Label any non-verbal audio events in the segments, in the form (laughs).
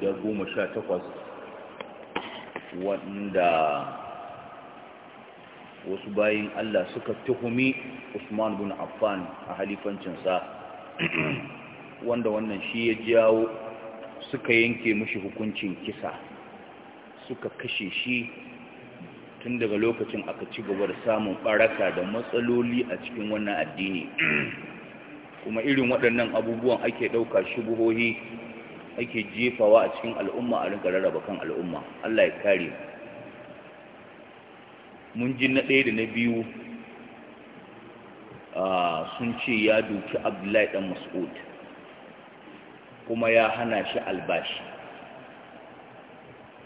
guda goma sha takwas wanda wasu bayan Allah suka tuhumi Usman bin Affan a halifancinsa (clears throat) wanda wannan shi ya jawo suka yanke mashi hukuncin kisa suka kashe shi tun daga lokacin aka ci gaba da samun baraka da matsaloli a cikin wannan addini (clears throat) kuma irin waɗannan abubuwan ake ɗauka shi buhohi. ake jefawa a cikin al'umma a rinka rarraba kan al'umma Allah ya kare mun ji na ɗaya da na biyu sun ce ya duki abdullahi ɗan mas'ud kuma ya hana shi albashi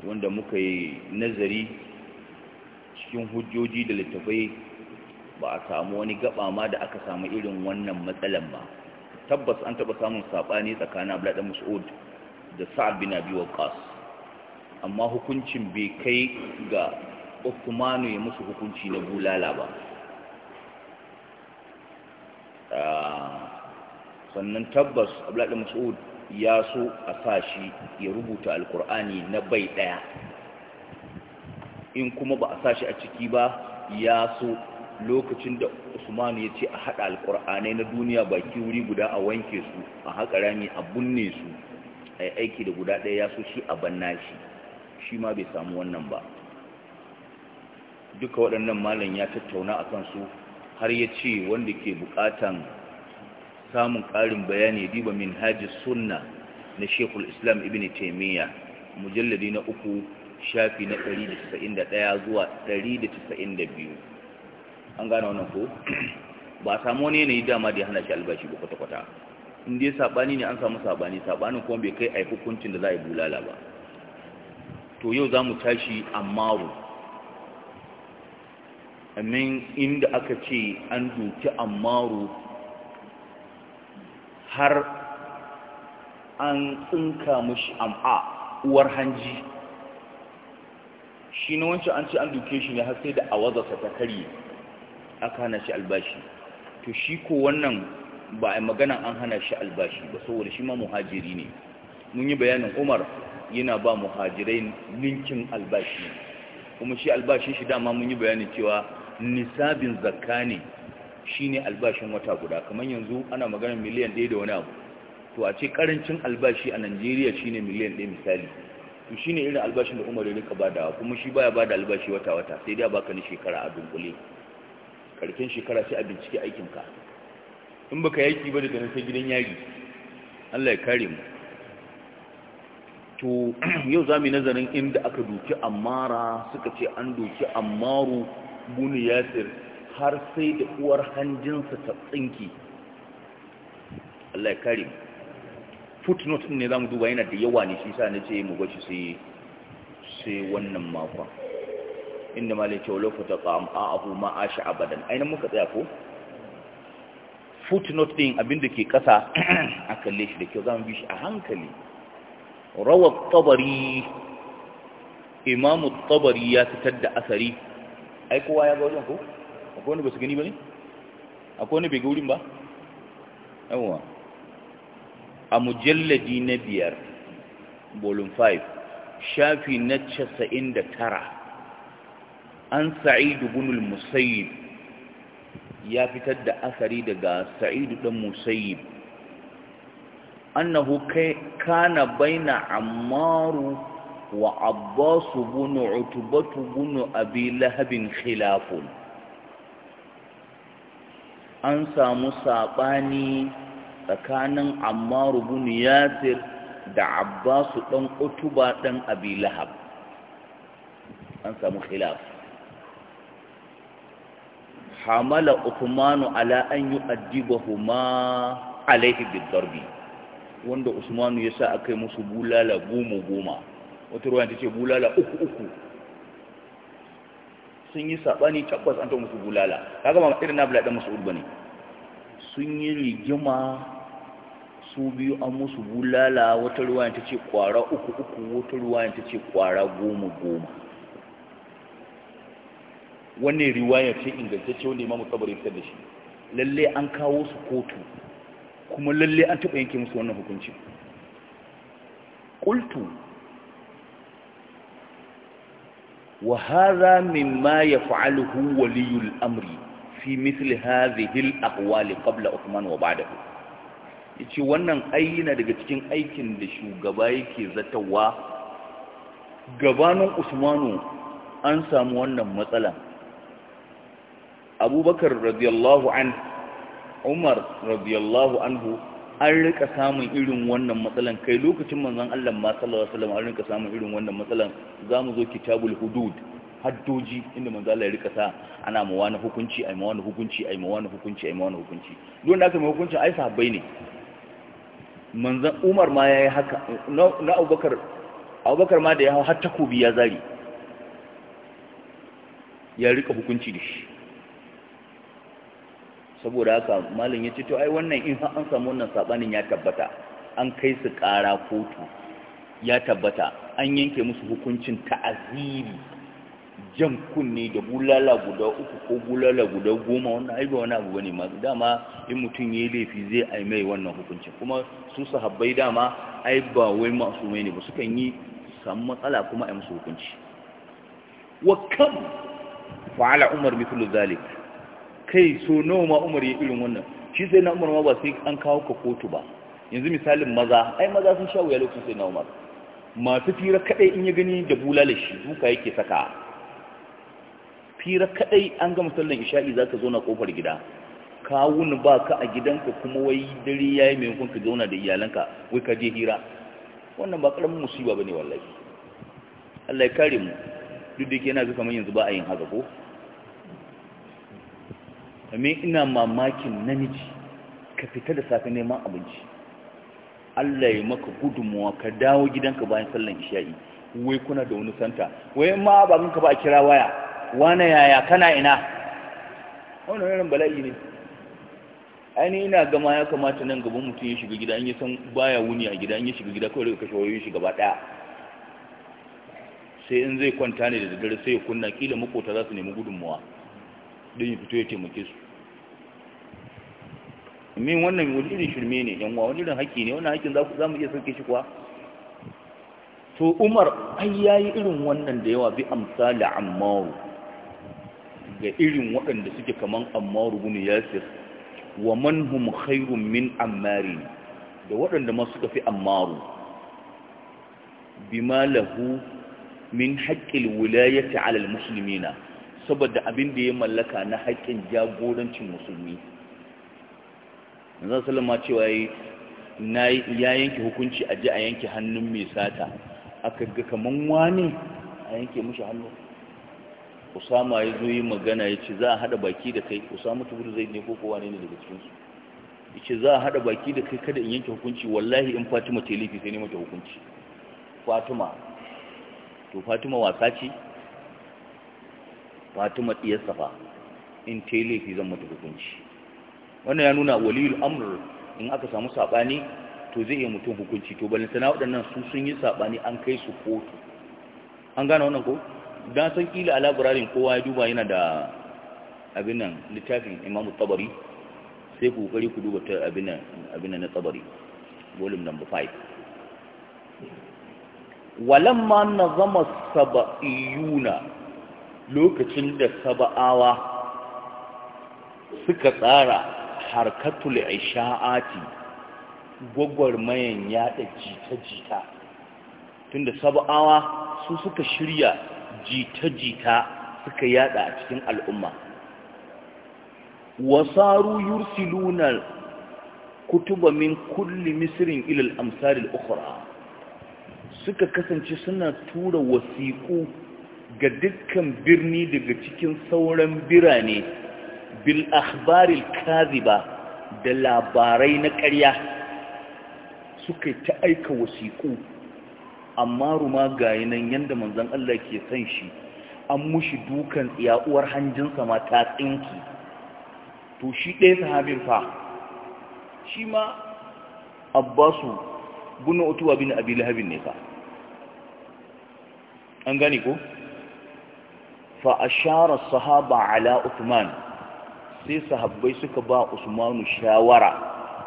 wanda muka yi nazari cikin hujjoji da littafai ba a samu wani gaba ma da aka samu irin wannan matsalan ba tabbas an taɓa samun saɓani tsakanin abdullahi ɗan mas'ud da sa'ad bin abi waqas amma hukuncin bai kai ga usmanu ya musu hukunci na bulala ba ah, sannan tabbas Abdullahi Mas'ud ya so a sa shi ya rubuta alkur'ani na bai daya in kuma ba a sa shi a ciki ba ya so lokacin da usman ya ce a haɗa alkur'anai na duniya baki wuri guda a wanke su a haƙa rami a bunne su aiki da guda ɗaya ya so shi a banna shi shi ma bai samu wannan ba duka waɗannan malam ya tattauna a kansu har ya ce wanda ke buƙatan samun ƙarin bayani diba min hajji sunna na shekul islam ibn taimiyya mujalladi na uku shafi na 191 zuwa 192 an gane wannan ko ba samu wani yanayi dama da ya hana shi albashi ba kwata-kwata in dai sabani ne an samu sabani sabanin kuma bai kai yi hukuncin da za a yi bulala ba to yau za mu tashi ammaru amin inda aka ce an doki ammaru har an tsinka mushi am'a uwar hanji shi na wancan an ce an duke shi ne har sai da wazarsa ta karye aka hana shi albashi to shi ko wannan ba a magana an hana shi albashi ba saboda shi ma muhajiri ne mun yi bayanin umar yana ba muhajirai ninkin albashi kuma shi albashin shi dama mun yi bayanin cewa nisabin zakka ne shi ne albashin wata guda kamar yanzu ana magana miliyan ɗaya da wani abu to a ce karancin albashi a najeriya shi ne miliyan ɗaya misali to shi ne irin albashin da umar ya rika badawa kuma shi baya bada albashi wata-wata sai dai baka ni shekara a dunkule karfin shekara sai a bincike aikinka in ka yaki ba daga nan sai gidan yari Allah ya kare mu to (clears throat) yau za mu yi nazarin inda aka doki amara suka ce an doki amaru buni yasir har sai da uwar hanjinsa ta tsinki Allah ya kare mu footnote ne za mu duba yana da yawa ne shi sa na ce mu bashi sai sai wannan makon inda malai kyau lokuta ƙa'am a abu ma'ashi abadan ainihin muka tsaya ko footnote din abinda ke kasa a kalle shi da kyau zama bi shi a hankali Rawar tabari imamu tabari ya fitar da asari ai kowa ya ga wajen ko akwai wani ba su gani ba ne akwai wani bai gaurin ba Yawon. a mujalladi na biyar bolin 5 shafi na 99 an sa'idu bin al ya fitar da asari daga sa'idu ɗan nahu annahu kana baina ammaru wa abbasu bunu utubatu bunu abi lahabin khilafun an samu saɓani tsakanin ammaru bunu yasir da abbasu dan utuba dan abi lahab an samu khilaf حمل عثمان ala an يؤدبهما عليه بالضرب wanda Usmanu يسا akai musu bulala goma goma wata ruwa tace bulala uku uku sun yi sabani tabbas an ta musu bulala kaga ba irin na buladan Mas'ud bane sun yi rigima su biyu an musu bulala wata ruwa ce kwara uku uku wata ruwa ce kwara goma goma wannan riwaya ce ingantacce wanda imamu tsabar fitar da shi lalle an kawo su kotu kuma lalle an taɓa yanke musu wannan hukunci ƙultu wa min mimma ya fa'aluhu waliyul amri fi misli hadhihi hil akwali kabla Uthman wa Ya ce wannan ayyana daga cikin aikin da shugaba yake zatawa gabanin Usmanu an samu wannan matsalan abubakar radiyallahu an umar radiyallahu anhu an rika samun irin wannan matsalan kai lokacin manzon Allah ma sallallahu alaihi wasallam an rika samun irin wannan matsalan za mu zo kitabul hudud haddoji inda manzo Allah ya rika sa ana ma wani hukunci ai ma wani hukunci ai ma wani hukunci ai ma wani hukunci duk wanda aka mai hukunci ai sahabbai ne manzon Umar ma yayi haka na Abubakar Abubakar ma da ya hau har takobi ya zari ya rika hukunci da shi saboda haka malam ya ce to ai wannan in an samu wannan sabanin ya tabbata an kai su kara kotu ya tabbata an yanke musu hukuncin ta'aziri jan kunne da bulala guda uku ko bulala guda goma wannan ai wani abu bane ma dama in mutum yayi laifi zai ai mai wannan hukuncin kuma su sahabbai dama ai ba wai masu mai ne ba su kan yi samu matsala kuma ai musu hukunci wa kam fa'ala umar mithlu zalik kai so nawa ma umar ya irin wannan shi sai na umar ma ba sai an kawo ka kotu ba yanzu misalin maza ai maza sun sha wuya lokacin sai na umar masu fira kadai in ya gani da bulala shi duka yake saka fira kadai an ga sallan isha'i zaka zo na kofar gida Kawuna ba ka a gidanka kuma wai dare yayi maimakon ka zauna da iyalanka wai ka je hira wannan ba karamin musiba bane wallahi Allah ya kare mu duk da yake yana ga kamar yanzu ba a yin haka ko domin ina mamakin namiji ka fita da safe neman abinci Allah ya maka gudunmuwa ka dawo gidanka bayan sallan isha'i wai kuna da wani santa wai ma ka ba a kira waya wane yaya kana ina wani wani bala'i ne ainihi ina gama ya kamata nan gaban mutum ya shiga gida an yi san baya wuni a gida an yi shiga gida kawai daga kashe wayoyin shiga ba daya sai in zai kwanta ne da daddare sai ya kunna kila makota za su nemi gudunmuwa don yi fito ya taimake su min wannan wani irin shirme ne yan wa wani irin haƙƙi ne wannan haƙƙin za mu iya sauke shi kuwa to Umar ai ya yi irin wannan da yawa bi da Ammaru. ga irin waɗanda suke kaman Ammaru, ibn Yasir wa man hum khairun min ammari da waɗanda ma suka fi bi ma lahu min haƙƙil wilayati ala al-muslimina saboda abin da ya mallaka na haƙƙin jagorancin musulmi zan salama cewa ya yanke hukunci a ji a yanke hannun mai sata aka ga kaman wani a yanke mushi hannu usama ya zo yi magana ya ce za a haɗa baki da kai usama gudu zai ne ko kowa ne daga cikinsu ya ce za a haɗa baki da kai kada in yanke hukunci wallahi in fatima ta yi laifi sai ne mata hukunci fatima to fatima wasa ce fatima diyar safa in ta yi laifi zan mata hukunci wannan ya nuna waliyul amur in aka samu saɓani to zai iya mutum hukunci to balin na waɗannan su sun yi saɓani an kai su kotu an gane wannan ko don san ƙila alaburarin kowa ya duba yana da abin nan littafin imamu tabari sai ku kokari ku duba ta abin nan na tabari volume number 5 walamma nazama saba'iyuna. lokacin da saba'awa suka tsara harkatul isha'ati gwagwarmayan yada jita-jita tunda saba'awa su suka shirya jita-jita suka yada a cikin al'umma wasaru yursiluna kutuba min kulli misrin ilal amsalil ukhra suka kasance suna tura wasiƙu ga dukkan birni daga cikin sauran birane bil ahbaril kaziba da labarai na ƙarya suka ta aika wasiƙu amma ruma ga nan yadda manzon Allah ke san shi an mushi dukan ya'uwar hanjinsa ma ta tsinki to shi ɗaya sahabin fa shi ma abbasu guna otuwa bin abi lahabin ne fa an gane ko fa shara sahaba ala Usman, sai sahabbai suka ba Usmanu shawara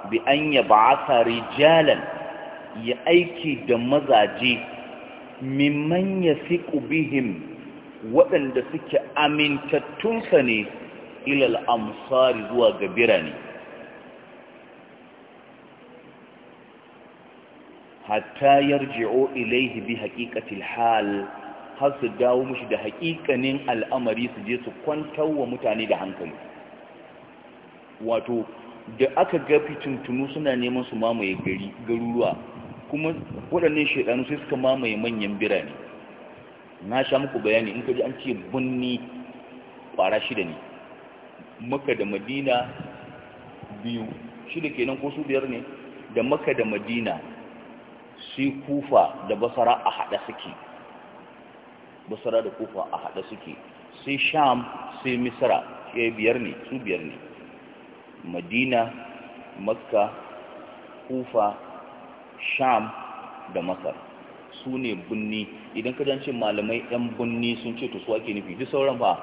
bi an yab'atha rijalan ya aiki da mazaje mimman yasiqu bihim waɗanda suke amintattunsa ne ilal amsari zuwa ga birane hatta yarji'u ilaihi bi haqiqatil hal har su dawo mushi da haƙiƙanin al'amari su je su kwantar wa mutane da hankali wato da aka ga fitintunu suna neman su mamaye garuruwa kuma waɗannan shaidanu sai suka mamaye manyan birane na sha muku bayani in kaji an ce bunni ƙwara shida ne maka da madina biyu shida kenan ko su biyar ne da maka da madina sai kufa da basara a haɗa suke basara da kufa a haɗe suke sai sham sai misra ya eh, biyar ne su biyar ne madina makka kufa sham da masar su ne bunni idan ka ce malamai 'yan bunni sun ce to su ake nufi duk sauran ba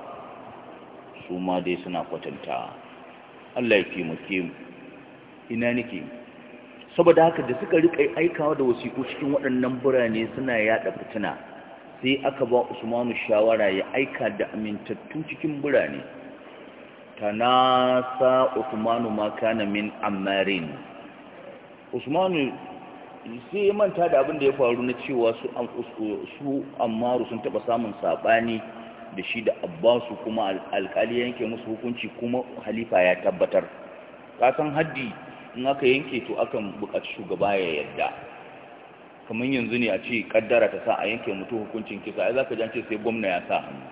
su ma dai suna kwatanta allah ya taimake mu ina nake saboda haka da suka rika aikawa da wasiku cikin waɗannan birane suna yaɗa fitina sai aka ba usmanu shawara ya aika da amintattu cikin birane nasa usmanu ma kana min amarin usmanu sai ya manta da abin da ya faru na cewa su ammaru sun taba samun sabani da shi da abbasu kuma alkali yanke musu hukunci kuma halifa ya tabbatar kasan haddi in aka yanke to akan bukaci shugaba ya yadda kamar yanzu ne a ce kaddara ta sa a yanke mutu hukuncin kisa ai zaka jance sai gwamna ya sa hannu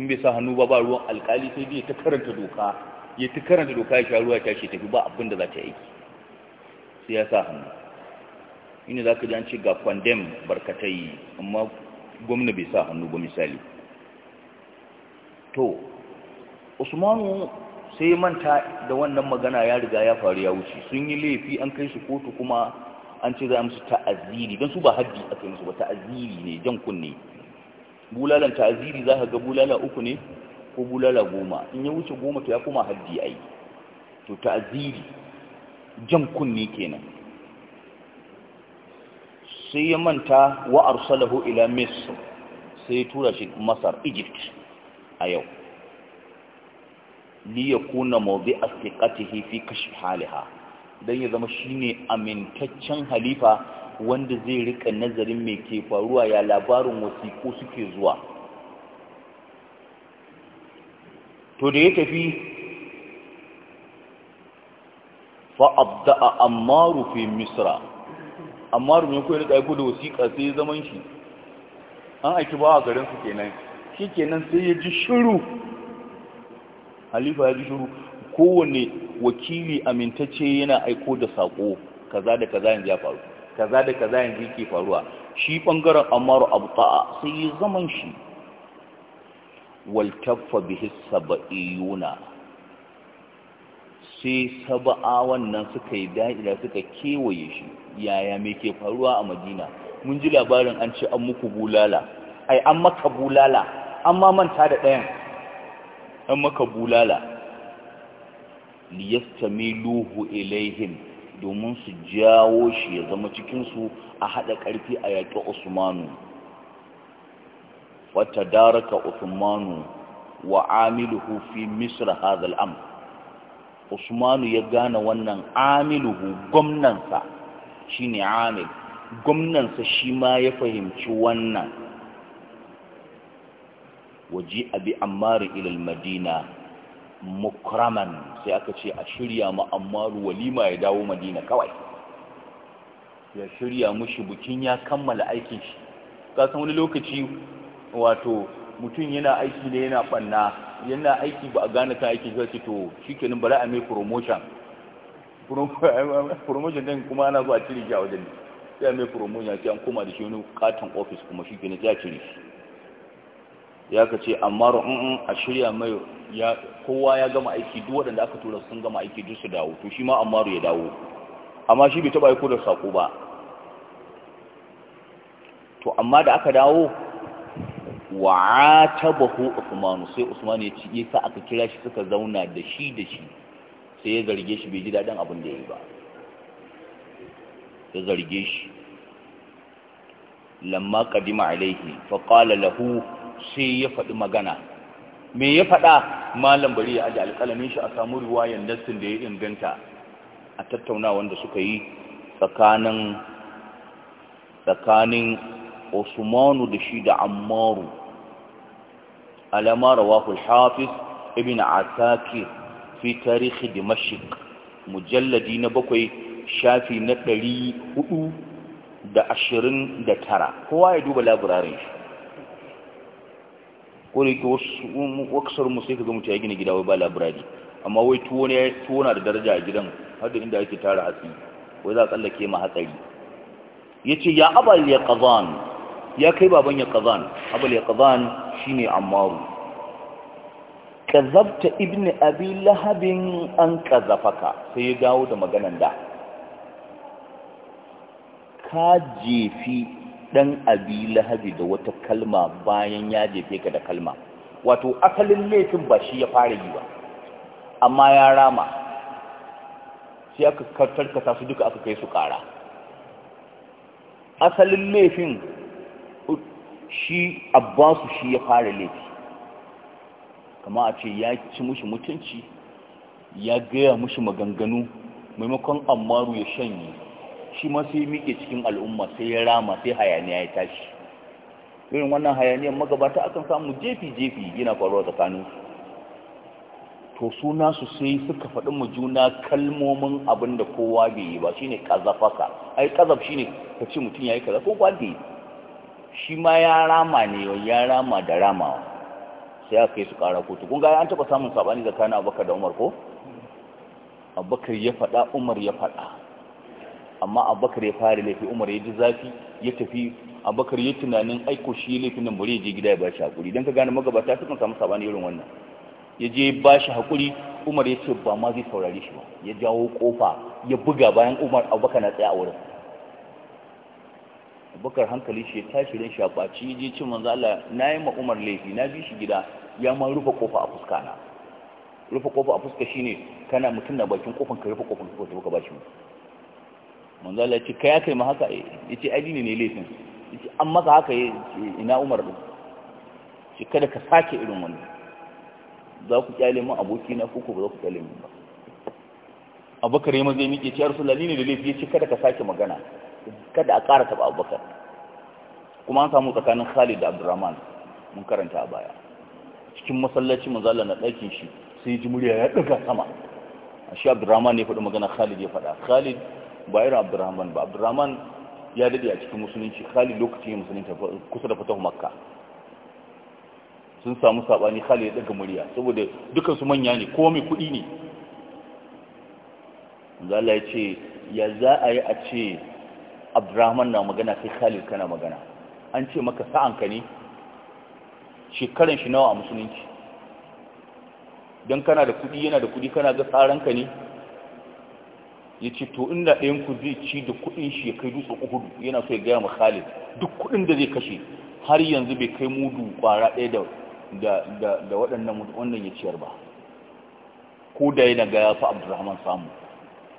in bai sa hannu ba ba ruwan alkali sai dai ta karanta doka ya ta karanta doka ya sha ruwa ta shi tafi ba abin da za ta yi sai ya sa hannu za zaka jance ga kwandem barkatai amma gwamna bai sa hannu ba misali to usmanu sai manta da wannan magana ya riga ya faru ya wuce sun yi laifi an kai su kotu kuma an ce za a musu ta'aziri don su ba haddi a yi su ba ta'aziri ne jan kunne bulalan ta'aziri za ka ga bulala uku ne ko bulala goma in ya wuce goma ta ya kuma haddi yi. to ta'aziri jan kunne kenan sai ya manta wa arsalahu ila misr sai ya tura shi masar egypt a yau liya kuna mawdi'a thiqatihi fi kashf haliha don ya zama shi ne amintaccen halifa wanda zai rika nazarin mai ke faruwa ya labarin wasiƙo suke zuwa to da ya tafi fa'abda'a ammaru fi misra ammaru ne kuwa rika aiko da wasiƙa sai ya zaman shi an aiki ba a garinsu kenan shi kenan sai ya ji shiru halifa ya ji shiru kowane wakili amintacce yana aiko da saƙo kaza da kaza yanzu ya faru kaza da kaza yanzu yake faruwa shi bangaren amaru abta'a sai yi zaman shi waltaffa bihi saba'iyuna sai saba'awan nan suka yi da'ira suka kewaye shi yaya me ke faruwa a madina mun ji labarin an ce an muku bulala ai an maka bulala an ma manta da ɗayan an maka bulala liyastamiluhu ilaihim domin su jawo shi ya zama cikinsu a haɗa ƙarfi a yaƙi usmanu wata daraka usmanu wa amiluhu fi Misir hadal am usmanu ya gane wannan amiluhu gwamnansa shine amil gwamnansa shi ma ya fahimci wannan waji abi ammar ila al-madina mukraman sai aka ce a shirya ma ammaru walima ya dawo madina kawai ya shirya mushi bukin ya kammala aikin shi Ka san wani lokaci wato mutum yana aiki ne yana banna yana aiki ba a gane kan aiki sai to shikenan bari a mai promotion (laughs) promotion din kuma ana zuwa cire shi a wajen sai a mai promotion sai an koma da shi wani katon office kuma shikenan sai a cire shi ya ka ce amma ru'un mm, a shirya mai ya kowa ya gama aiki duk waɗanda aka tura sun gama aiki duk su dawo to shi ma ammaru ya dawo amma shi bai taɓa aiko da saƙo ba to amma da aka dawo wa tabahu usmanu sai usmanu ya ci yasa aka kira shi suka zauna da shi da shi sai ya zarge shi bai ji daɗin abin da ya yi ba ya zarge shi lamma qadima alaihi fa qala lahu sai ya faɗi magana me ya faɗa malam bari ya aji alƙalamin shi a samu riwayan nassin da ya inganta a tattaunawar da suka yi tsakanin tsakanin Usmanu da shi da Ammaru alamar rawahu hafiz ibn Asakir fi tarihi Dimashq mujalladi na bakwai shafi na ɗari hudu da ashirin da tara kowa ya duba labirarin shi ko da yake wasu mu sai ka ga mutum ya gina gida wai ba labirari amma wai tuwo ne tuwo na da daraja a gidan har da inda ake tara hatsi wai za a tsallake ma hatsari ya ce ya abal ya kazan ya kai baban ya kazan abal ya kazan shi ne ammaru kazabta ibn abi lahabin an kazafaka sai ya dawo da maganan da ka jefi ɗan abi lahabi da wata kalma bayan ya jefe ka da kalma wato asalin laifin ba shi ya fara yi ba amma ya rama sai aka karkata su duka aka kai su ƙara asalin laifin shi abbasu shi ya fara laifi kama a ce ya ci mushi mutunci ya gaya mushi maganganu maimakon ammaru ya shanye shi ma sai miƙe cikin al'umma sai ya rama sai hayaniya ya tashi irin wannan hayaniyar magabata akan samu jefi-jefi yana faruwa tsakanin to suna su sai suka faɗi mu juna kalmomin abin da kowa bai yi ba shine kazafaka ai kazaf ne ka ce mutum ya yi kaza ko ba shi ma ya rama ne ya rama da rama sai aka yi su ƙara kotu kun ga an taɓa samun saɓani tsakanin abubakar da umar ko abubakar ya faɗa umar ya faɗa amma abubakar ya fara laifi umar ya ji zafi ya tafi abubakar ya tunanin aiko shi laifin nan bari ya je gida ya bashi hakuri don ka gane magabata sukan samu sabani irin wannan ya je bashi hakuri umar ya ce ba ma zai saurari shi ba ya jawo kofa ya buga bayan umar abubakar na tsaye a wurin abubakar hankali shi ya tashi ran shafaci ya je cin manzo Allah na yi ma umar laifi na bi shi gida ya ma rufe kofa a fuska na rufe kofa a fuska shine kana mutum na bakin ƙofan ka rufe ƙofan ka ba shi manzo Allah ce kai kai ma haka yace addini ne laifin yace an maka haka ina Umar din ce kada ka sake irin wannan za ku kyale mu aboki na kuku ba za ku kyale mu ba Abubakar ya maza miƙe ciyar Rasulullah ni ne da laifi yace kada ka sake magana kada a ƙara taba Abubakar kuma an samu tsakanin Khalid da Abdurrahman mun karanta a baya cikin masallaci manzo Allah na ɗakin shi sai ji murya ya ɗaga sama shi Abdurrahman ne faɗi magana Khalid ya faɗa Khalid ba irin abdurrahman ba abdurrahman ya dade a cikin musulunci khalid lokacin musulunta kusa da fatahu makka sun samu sabani khalid ya daga murya saboda dukan su manya ne ko mai kudi ne zala ya ce ya za a yi a ce abdurrahman na magana kai khalid kana magana an ce maka sa'anka ne shekaran shi nawa a musulunci don kana da kudi yana da kudi kana ga tsaranka ne ya ce to inda ɗayan ku zai ci da kuɗin shi ya kai dutsen uhudu yana so ya gaya ma khalid duk kuɗin da zai kashe har yanzu bai kai mudu ƙwara ɗaya da waɗannan wannan ya ciyar ba ko da yana gaya fa abdurrahman samu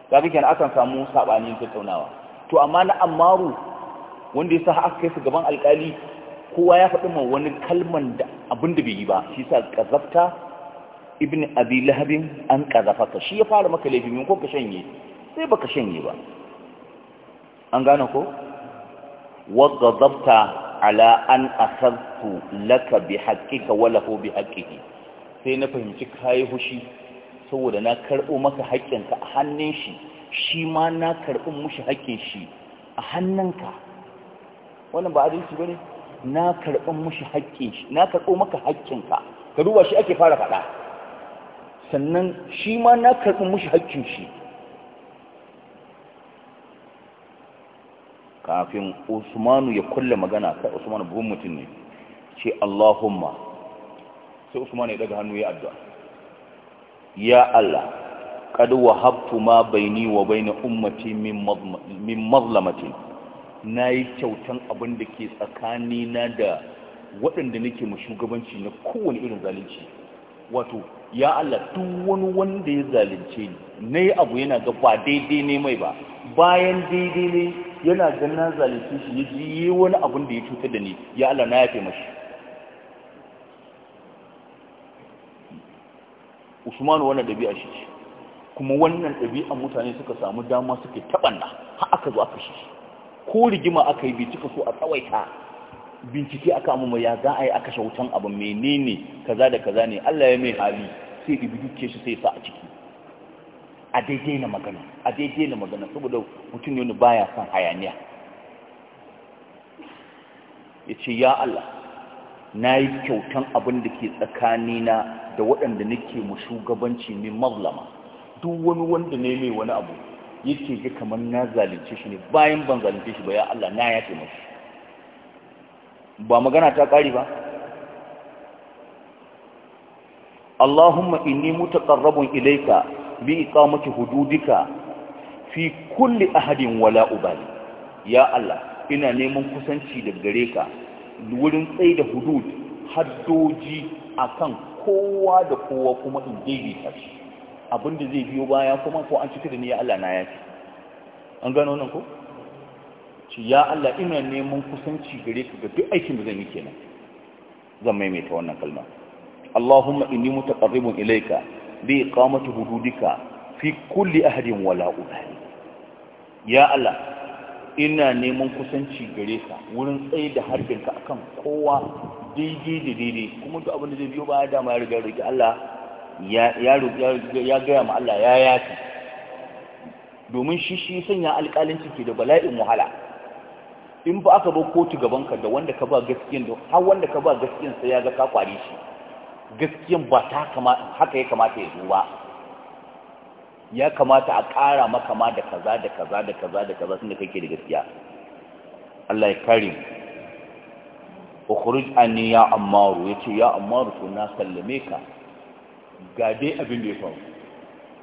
kaga kenan akan samu saɓanin tsaunawa to amma na ammaru wanda ya sa aka kai su gaban alƙali kowa ya faɗi ma wani kalman da abin da bai yi ba shi sa ƙazafta ibn abi lahabin an ka shi ya fara maka laifin ko ka shanye sai baka shanye ba an gane ko wagazabta ala an asabtu laka bi haqqika wa lahu bi sai na fahimci kai hushi saboda na karbo maka haƙƙinka a hannun shi shi ma na karbo mushi haƙƙin shi a hannunka wannan ba adalci bane na karbo mushi haƙƙin shi na karbo maka haƙƙinka ka duba shi ake fara faɗa sannan shi ma na karbo mushi haƙƙin shi kafin usmanu ya kulle magana kai usmanu buhun mutum ne ce allahumma sai usmanu ya daga hannu ya addu'a ya allah wa wahabtu ma baini wa baina ummati min na nayi kyautan abin da ke tsakani na da waɗanda nake mu shugabanci na kowane irin zalunci wato ya Allah duk wani wanda ya zalunce ni nayi abu yana ga ba daidai ne mai ba bayan daidai ne yana ganin zalunci shi ya ji wani abin da ya cutar da ni ya Allah na yafe mashi Usmanu wannan dabi'a shi kuma wannan ɗabi'an mutane suka samu dama suke taɓanna har aka zo aka shi ko rigima aka yi bincika so a tsawaita bincike aka amma ya za a yi aka shautan abu menene kaza da kaza ne Allah ya mai hali sai ibi duke shi sai sa a ciki a daidai na magana a daidai na magana saboda mutum yana baya son hayaniya ya ce ya Allah na yi kyautan abin da ke tsakanina da waɗanda nake mu shugabanci ne mazlama duk wani wanda ne mai wani abu yake ga kamar na zalunce shi ne bayan ban zalunce shi ba ya Allah na ya ce mashi ba magana ta ƙari ba Allahumma inni mutaqarrabun ilayka bi iqamati hududika fi kulli ahadin wala ubali ya Allah ina neman kusanci da gare ka wurin tsai da hudud haddoji akan kowa da kowa kuma in daidaita shi abinda zai biyo baya kuma ko an cika da ni ya Allah na yaki an gano nan ko ci ya Allah ina neman kusanci gare ka ga duk aikin da zan yi kenan zan maimaita wannan kalma Allahumma inni mutaqarribun ilayka bi iqamati hududika fi kulli ahadin wala udhani ya Allah ina neman kusanci gare ka wurin tsaye da ka akan kowa daidai da daidai kuma duk abin da zai biyo baya dama ya riga riga Allah ya ya gaya ma Allah ya yafi domin shi shi sanya alƙalinci ke da bala'in wahala in ba aka bar kotu gabanka da wanda ka ba gaskiyan da har wanda ka ba gaskiyan sai ya ga ka kware shi gaskiyan ba ta haka ya kamata ya zo ba ya kamata a ƙara maka ma da kaza da kaza da kaza da kaza da kake da gaskiya Allah ya kare khuruj anni ya ammaru yace ya ammaru to na sallame ka ga dai abin da ya faru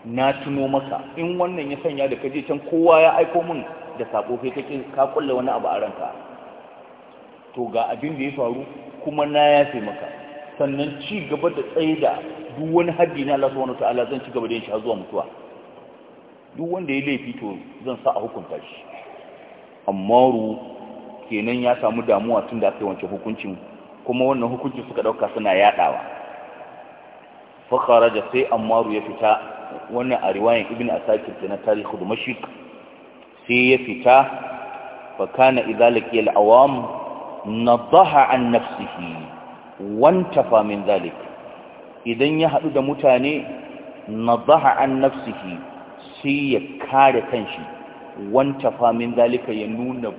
na tuno maka in wannan ya sanya da kaje can kowa ya aiko mun da sako kai kake ka kulle wani abu a ranka to ga abin da ya faru kuma na yafe maka sannan ci gaba da tsaye da duk wani haddi na Allah subhanahu wataala zan ci gaba da yin shi har zuwa mutuwa duk wanda ya laifi to zan sa a hukunta shi ammaru kenan ya samu damuwa tun da aka yi wancan hukuncin kuma wannan hukuncin suka dauka suna yadawa fa kharaja sai ammaru ya fita wannan a riwayan ibn asakir da na tarihi damashq sai ya fita fa kana idhalika al-awam nadaha an nafsihi wantafa min zalik idan ya haɗu da mutane nazaha an nafsihi sai ya kare kanshi wantafa min zalika ya nuna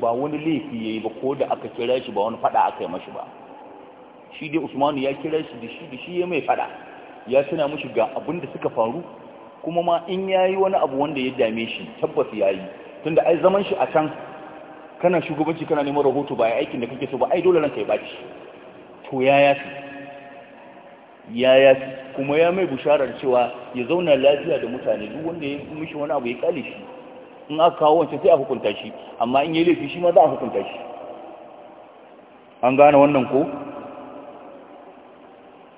ba wani laifi ya yi ba ko da aka kira shi ba wani fada aka yi mashi ba shi dai usmanu ya kira shi da shi da shi ya mai fada ya suna mashi ga abin suka faru kuma ma in ya yi wani abu wanda ya dame shi tabbas ya yi tunda ai zaman shi a can kana shugabanci kana neman rahoto ba aikin da kake so ba ai dole ranka ya baci ko ya yafi ya yafi kuma ya mai bisharar cewa ya zauna lafiya da mutane duk wanda ya mishi wani abu ya kyale shi in aka kawo wancan sai a hukunta shi amma in yi laifi shi ma za a hukunta shi an gane wannan ko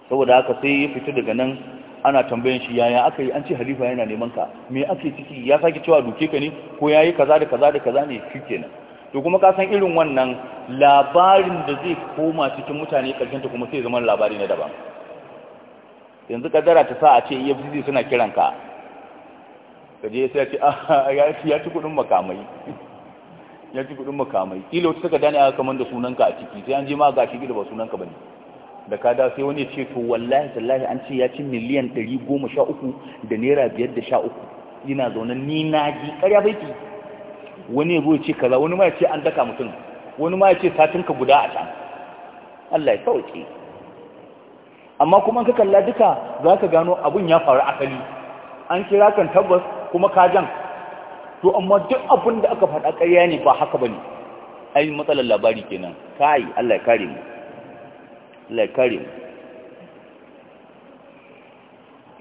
saboda haka sai ya fita daga nan ana tambayan shi yaya aka yi an ce halifa yana neman ka me ake ciki ya sake cewa duke ka ne ko yi kaza da kaza da kaza ne kenan. to kuma ka san irin wannan labarin da zai koma cikin mutane karshen ta kuma sai zama labari na daban yanzu kadara ta sa a ce EFCC suna kiran ka je sai a ce ah, ya ci kudin makamai (laughs) ya ci kudin makamai ilo ta saka dani aka kaman da sunanka a ciki sai an je ma ga shi kila ba sunanka bane da ka da sai wani ya ce to wallahi tallahi an ce ya ci miliyan 113 da naira 513 da ina zaune ni na ji karya baiki wani ya zo ce kaza wani ma ya ce an daka mutum wani ma ya ce satinka guda a can Allah ya sauke amma kuma ka kalla duka za ka gano abin ya faru asali an kira kan tabbas kuma kajan to amma duk abin da aka faɗa ƙarya ne ba haka ba ne ai matsalar labari kenan kai Allah ya kare mu Allah ya kare mu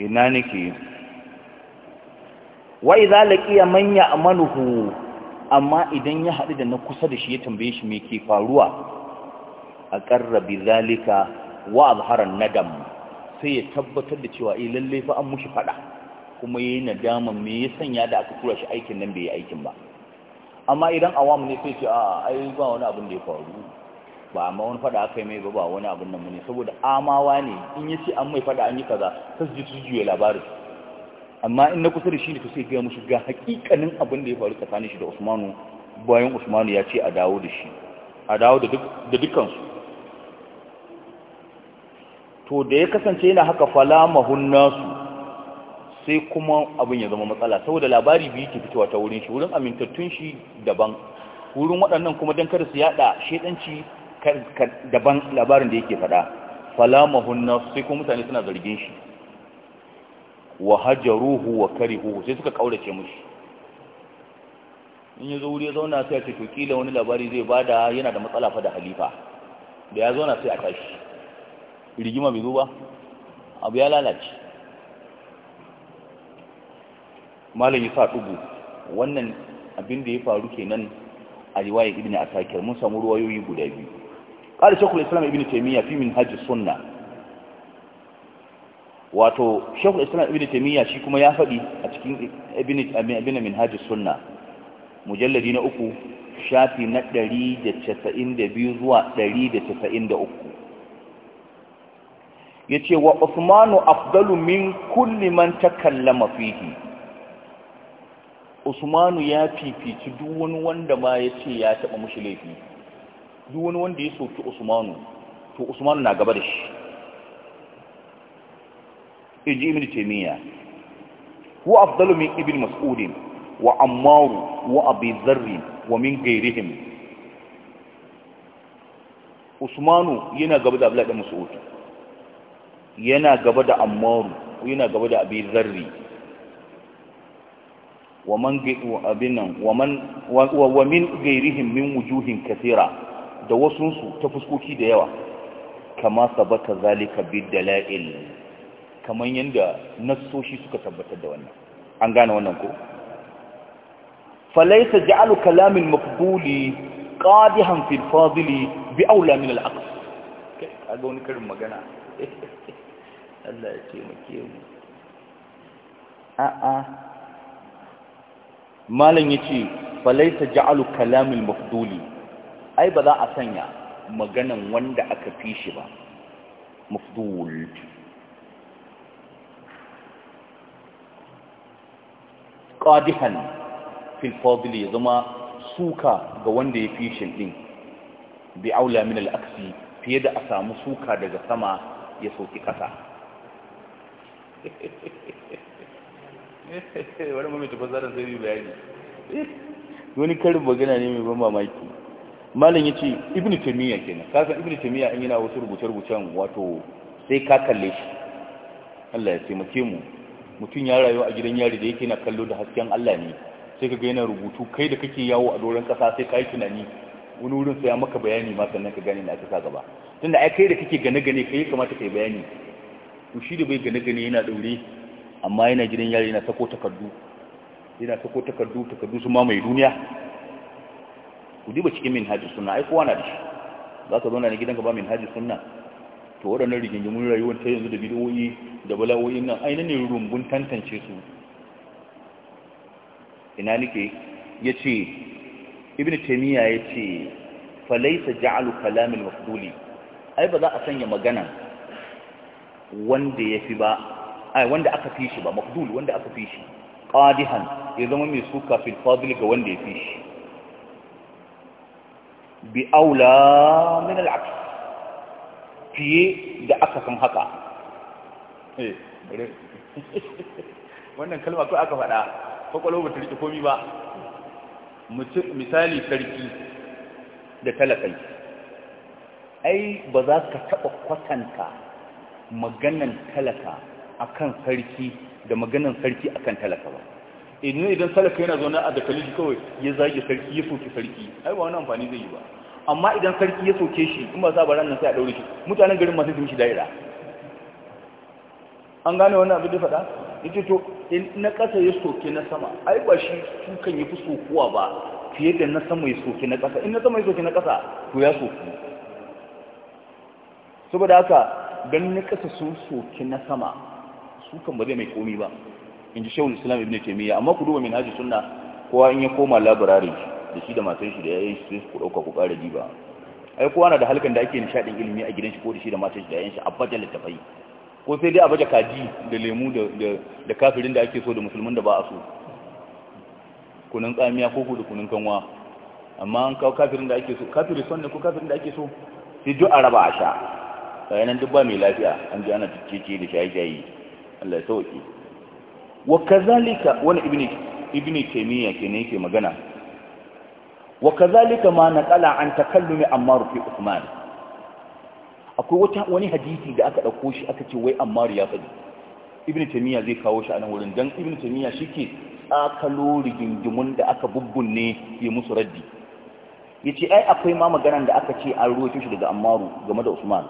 ina nake wa idza laqiya man ya'manuhu amma idan ya haɗu da na kusa da shi ya tambaye shi me ke faruwa a ƙarrabi zalika wa azharan nadam sai ya tabbatar da cewa ilan eh, lalle fa an mushi faɗa kuma na nadama mai ya sanya da aka tura shi aikin nan bai yi aikin ba amma idan awamu ne sai ce a ai ba wani abin da ya faru ba amma wani fada aka yi mai ba ba wani abin nan mu ne saboda amawa ne in ya ce an mai fada an yi kaza sai su ji su juya labarin amma in na kusa da shi ne to sai gaya musu ga hakikanin abin da ya faru tsakanin shi da usmanu bayan usmanu ya ce a dawo da shi a dawo da dukansu to da ya kasance yana haka falamahun nasu sai kuma abin ya zama matsala saboda labari biyu ke fitowa ta wurin shi wurin amintattun shi daban wurin waɗannan kuma dan kada su yada shaidanci daban labarin da yake faɗa falama nasu sai kuma mutane suna zargin shi wa hajaruhu wa karihuhu sai suka kaurace mushi in ya zo wuri ya zauna sai a ce to kila wani labari zai bada yana da matsala fa da halifa da ya zauna sai a tashi rigima bai zo ba abu ya lalace malam ya sa dubu wannan abin da ya faru kenan a riwayar ibn asakir mun samu ruwayoyi guda biyu qala shaykhul islam ibn taymiya fi min hajj sunnah wato shekul islam ibn taimiyya shi kuma ya faɗi a cikin ibn Haji sunna mujalladi na uku shafi na 192 zuwa 193 ya ce wa usmanu afdalu min kulli man takallama fihi usmanu ya fifici duk wani wanda ma ya ce ya taɓa mushi laifi duk wani wanda ya soki usmanu to usmanu na gaba da shi in ji ibn taymiya huwa afdalu min ibn mas'ud wa ammar wa abi dharr wa min ghayrihim usmanu yana gaba da abdullahi da mas'ud yana gaba da ammar yana gaba da abi dharr wa man abinan wa man wa min ghayrihim min wujuhin kathira da wasunsu ta fuskoki da yawa kama sabata zalika bid dalail kamar yadda nassoshi suka tabbatar da wannan an gane wannan ko falaisa ja'alu kalamin maqbuli qadihan fil fadli bi aula min al aqs kaga wani karin magana (laughs) Allah ya ce muke mu a a malam yace falaisa ja'alu kalamil maqbuli ai ba za a sanya maganan wanda aka fi shi ba mafdul ƙadihan fil ya zama suka ga wanda ya fi shin din bi aula min al'aksi fiye da a samu suka daga sama ya sauki ƙasa. (laughs) wani mamaye tafi zaran sai bayani eh, wani karin magana ne mai ban mamaki malam ya ce ibn tamiya kenan kasan ibn tamiya in yana wasu rubuce-rubucen wato sai ka kalle shi Allah ya taimake mu mutum ya rayu a gidan yari da yake na kallo da hasken Allah ne sai ka ga yana rubutu kai da kake yawo a doron kasa sai ka yi tunani wani wurin sai ya maka bayani ma sannan ka gane na aka sa gaba tunda ai kai da kake gane gane kai kamata kai bayani to shi da bai gane gane yana daure amma yana gidan yari yana sako takardu yana sako takardu takardu su ma mai duniya ku duba cikin min minhajus sunna ai kowa na da shi za ka zauna gidan ka ba min minhajus sunna to waɗannan rigingimun rayuwar ta yanzu da bidiyoyi da bala'o'in nan aina ne rumbun tantance su ina nike ya ce ibn taimiyya ya ce falaisa ja'alu kalamin mafduli ai ba za a sanya magana wanda ya fi ba ai wanda aka fi shi ba mafdul wanda aka fi shi qadihan ya zama mai suka fil fadl ga wanda ya fi shi bi aula min al fiye da aka san haka eh, wannan kalma kai aka faɗa kwakwalwa ba ta riƙe komi ba misali sarki da talakai ai ba za ka taɓa kwatanta maganan talaka akan sarki da maganan sarki akan talaka ba eh, inu idan talaka yana zaune a dakali shi kawai ya zage sarki ya soke sarki ai ba wani amfani zai yi ba amma idan sarki ya soke shi in ba sa baran nan sai a daure shi mutanen garin masu sun shi daira an gane wannan abin da faɗa ce to na ƙasa ya soke na sama ai ba shi sukan yi fi sokuwa ba fiye da na sama ya soke na ƙasa in na sama ya soke na ƙasa to ya soke saboda haka don na ƙasa sun soke na sama sukan ba zai mai komi ba in ji shawul islam ibn taimiyya amma ku duba min haji sunna kowa in ya koma labirari da shi da matan shi da yayin shi sai ku dauka ku ƙara jiba. ai kowa na da halkan da ake nishadin ilimi a gidan shi ko da shi da matan shi da yayin shi a baje littafai ko sai dai a baje kaji da lemu da da kafirin da ake so da musulmin da ba a so kunun tsamiya ko ku da kunun kanwa amma an kawo kafirin da ake so kafirin son ne ko kafirin da ake so sai duk a raba a sha bayanan duk ba mai lafiya an ji ana cece da shaye-shaye Allah ya sauke wa kazalika wani ibni ibni taymiya kenan yake magana وكذلك ما نقل عن تكلم عمار في عثمان akwai wani hadisi da aka dauko shi aka ce wai Ammar ya faɗi Ibn Taymiyyah zai kawo shi a nan wurin dan Ibn shi shike tsakalo rigingimun da aka bubbunne ya musu raddi yace ai akwai ma magana da aka ce an ruwaito shi daga Ammaru game da Usman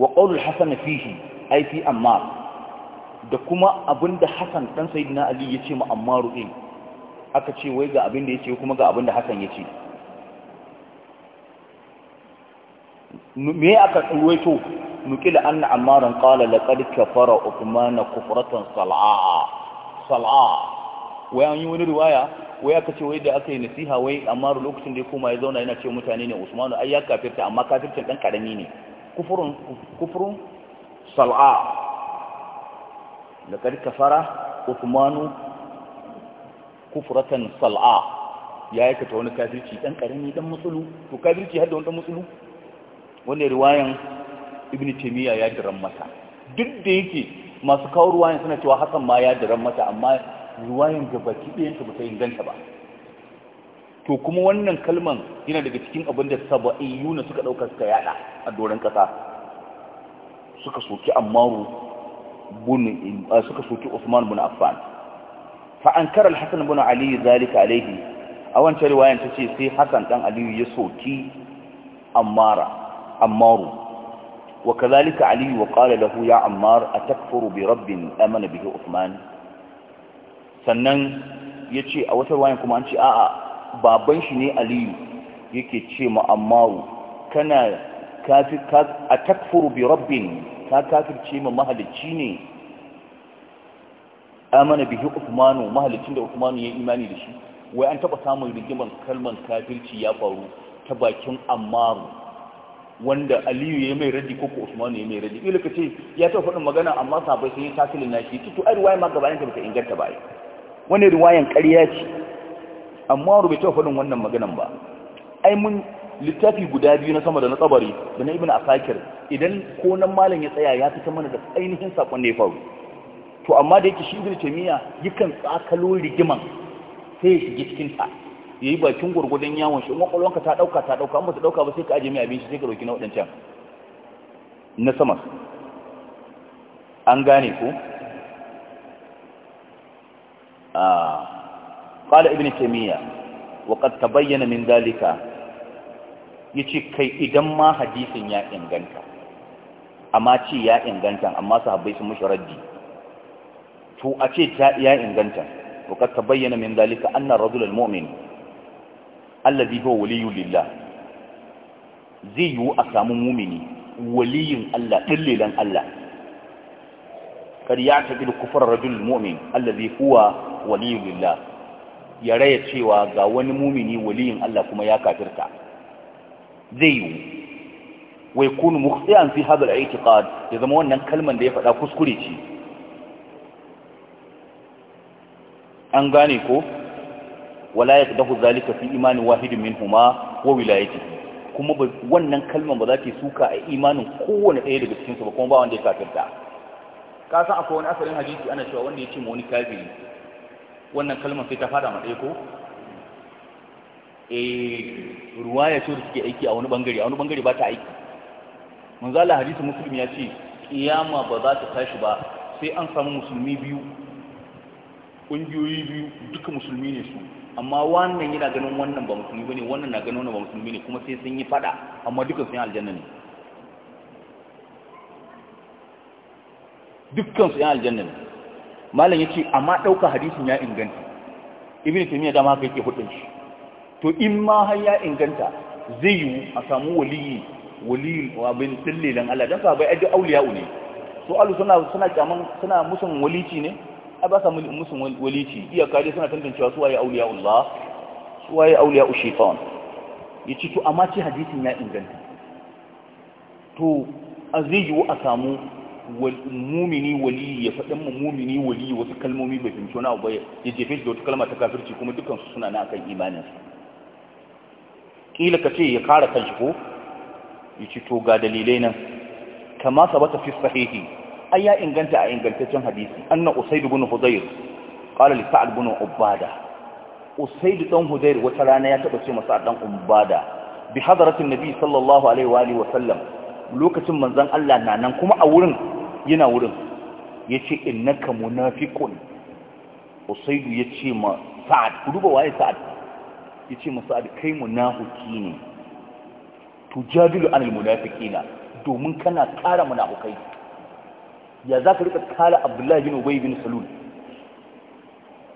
wa qawlul Hasan fihi ai fi Ammar da kuma abinda Hasan dan Sayyidina Ali yace ma Ammaru din aka ce wai ga abin da ya ce kuma ga abin da Hassan ya ce me aka tsuwaito nukila an na amaran kala laƙar kafara ukumana na sal'a sal'a wai an yi wani riwaya wai aka ce wai da aka yi nasiha wai amma lokacin da ya koma ya zauna yana ce mutane ne usmanu ai ya kafirta amma kafircin dan ƙarami ne kufurun kufurun sal'a laƙar kafara ukumanu kufratan sal'a ya aikata wani kafirci dan karami dan musulu to kafirci har da wani dan musulu wannan riwayan ibn Taimiyya ya diran mata duk da yake masu kawo ruwayan suna cewa hasan ma ya diran mata amma ruwayan gabaki ɗayan ta inganta ba to kuma wannan kalman yana daga cikin abin da saba'iyuna suka ɗauka suka yada a doron ƙasa suka soki ammaru bin eh, suka soki usman bin affan fa'ankar alhassan bin aliyu zalika alaihi a wancan riwayan ta ce sai hassan ɗan aliyu ya soki ammara ammaru wa kazalika aliyu wa ƙala lahu ya ammar a takfuru bi rabbin amana bihi usman sannan ya ce a wata riwaya kuma an ce a'a baban shi ne aliyu yake ce ma ammaru kana a takfuru bi rabbin ka kafirce ma mahalicci ne amana bihi Uthmanu mahalicin da Uthmanu ya imani da shi wai an taba samun rigimar kalman kafirci ya faru ta bakin Ammaru wanda Aliyu ya mai radi ko Uthmanu ya mai radi kila kace ya taba faɗin magana amma sabai sai yi takilin nashi to ai ruwaya ma gaba ta baka inganta ba wannan ruwayan ƙarya ce Ammaru bai taba faɗin wannan maganan ba ai mun littafi guda biyu na sama da na tsabari da na ibn asakir idan ko nan malam ya tsaya ya fita mana da ainihin sakon da ya faru to amma da yake shi ibn taymiya yakan tsakalo rigiman sai ya shige cikin ta yayi bakin gurgudan yawon shi in kwakwalwanka ta dauka ta dauka amma ta dauka ba sai ka aje mai abinci sai ka roki na wadancan na sama an gane ko ah. qala ibn taymiya wa qad tabayyana min dalika yace kai idan ma hadisin ya inganta amma ci ya inganta amma sahabbai sun mushi raddi to a ce ta iya inganta to ka bayyana min dalika anna rajulal mu'min alladhi huwa waliyyu lillah zai yiwu a samu mumini waliyin Allah dillilan Allah kar ya tafi kufar rajulul mu'min alladhi huwa waliyyu lillah ya raya cewa ga wani mumini waliyin Allah kuma ya kafirta zai yiwu wai kunu mukhtiyan fi hadal i'tiqad ya zama wannan kalman da ya faɗa kuskure ce an gane ko wala ya dahu zalika fi imani wahidin minhuma wa wilayati kuma wannan kalman ba za ta suka a imanin kowane ɗaya daga cikin su ba kuma ba wanda ya kafirta ka san akwai wani asalin hadisi ana cewa wanda ya ce ma wani kafiri wannan kalman sai ta fada ma ɗaya ko eh ruwaya ce da suke aiki a wani bangare a wani bangare ba ta aiki manzo Allah hadisi muslim ya ce kiyama ba za ta tashi ba sai an samu musulmi biyu ƙungiyoyi biyu duka musulmi ne su amma wannan yana ganin wannan ba musulmi bane wannan na ganin wannan ba musulmi ne kuma sai sun yi fada amma duka sun yi aljanna ne dukkan su yan aljanna ne malam yace amma dauka hadisin ya inganta ibnu taymiya dama haka yake hudun shi to in ma har ya inganta zai yi a samu waliyi waliyi wa bin dillilan Allah dan fa bai aje auliya ne to alu suna suna kaman suna musun walici ne a ba sa musu walici iyaka dai suna tantancewa su waye auliya Allah su waye auliya ushefan. ya ce to amma ce hadisin ya inganta to a zai a samu mumini wali ya faɗin mu mumini wali wasu kalmomi bai fahimci na ba ya jefe shi da wata kalma ta kafirci kuma dukansu suna na akan imaninsu kila ka ce ya kara kanshi ko ya ce to ga dalilai nan kama sabata fi sahihi ai ya inganta a ingantaccen hadisi anna usaid ibn hudayr qala li sa'd ibn ubada usaid dan hudayr wata rana ya taba ce masa dan ubada bi hadratin nabi sallallahu alaihi wa alihi wa sallam lokacin manzon Allah na nan kuma a wurin yana wurin yace innaka munafiqun usaid yace ma sa'ad ku duba waye sa'ad yace ma sa'ad kai munafiki ne tujadilu anil munafiqina domin kana kara munafikai ya za ka rika kare abdullahi bin ubay bin salul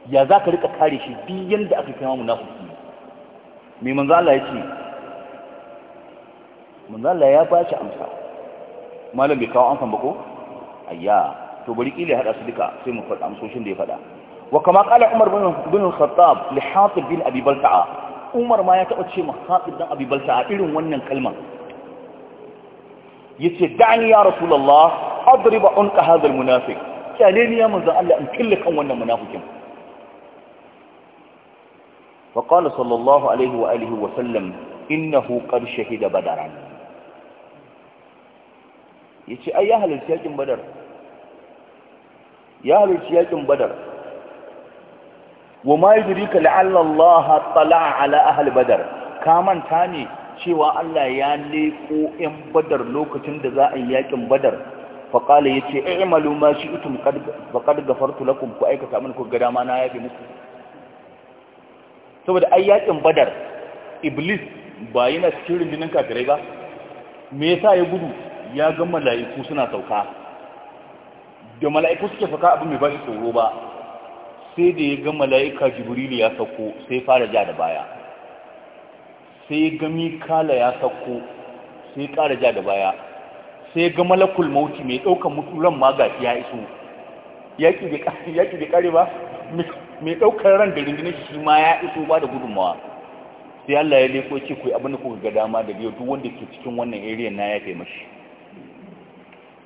ya za ka rika kare shi duk yanda aka kama munafiki mai manzo Allah ya ce Manzala ya ba shi amsa malam bai kawo amsan ba ko ayya to bari kila hada su duka sai mu faɗa amsoshin da ya faɗa wa kama qala umar bin al-khattab li hatib bin abi balta'a umar ma ya taɓa ce ma hatib dan abi balta'a irin wannan kalmar yace da'ani ya rasulullah adriba unqa hadha almunafiq kyale ni ya manzo Allah in kille kan wannan munafikin fa qala sallallahu alaihi wa alihi wa sallam innahu qad shahida badaran yace ai ya halarci yakin badar ya halarci yakin badar wa ma yudrika la'alla Allah tala'a ala ahli badar ka manta ne cewa Allah ya leko 'yan badar lokacin da za a yi yakin badar faƙala ya ce i'malu ma shi itum faƙad gafartu lakum ku aikata min ku gada ma na yafe muku saboda ai yakin badar iblis ba yana cikin rundunar kafirai ba me yasa ya gudu ya ga mala'iku suna sauka da mala'iku suke sauka abin mai ba shi tsoro ba sai da ya ga mala'ika jibrilu ya sauko sai fara ja da baya sai ya ga mikala ya sauko sai ya ƙara ja da baya sai ga malakul mauti mai ɗaukan mutulan ma ga ya iso yaƙi bai ƙare ba mai ɗaukar ran da rundunar shi ma ya iso ba da gudunmawa sai Allah ya leko ce kuwa abin da kuka ga dama da biyu duk wanda ke cikin wannan area na ya taimashi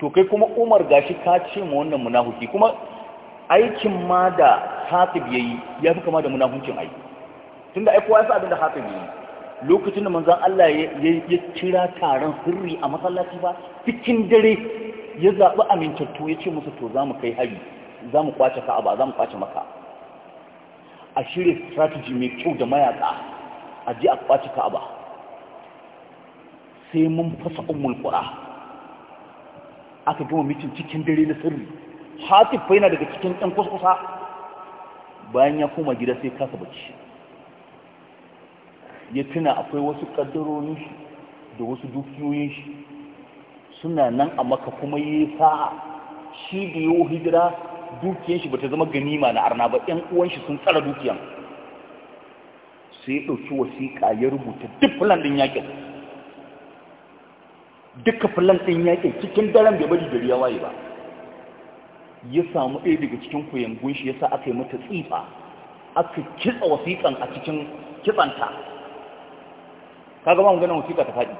to kai kuma umar gashi ka ce ma wannan munafuki kuma aikin ma da hatib ya yi ya fi kama da munafuncin aiki tunda aikowa ya sa abin da hatib ya yi lokacin da manzon Allah ya cira taron sirri a masallaci ba cikin dare ya zaɓi amintattu ya ce musu to za mu kai hari za mu kwace ka'aba za mu kwace maka a shirya strategy mai kyau da mayaka a ji a kwace ka'aba sai mun fasa ummul qura aka gama mitin cikin dare na sirri hatif fa yana daga cikin ɗan kusa bayan ya koma gida sai kasa bacci ya tuna akwai wasu ƙaddarorin shi da wasu dukiyoyin shi suna nan a maka kuma yi sa'a shi da yi hijira dukiyan shi bata zama ganima na arna ba yan uwan shi sun tsara dukiyan sai ɗauki wasiƙa ya rubuta duk fulan ɗin yaƙin duka fulan ɗin yaƙin cikin daren bai bari gari ya waye ba ya samu ɗaya daga cikin kuyangun shi ya sa aka yi mata tsifa aka kitsa wasiƙan a cikin kitsanta kaga ba mu ganin wasiƙa ta faɗi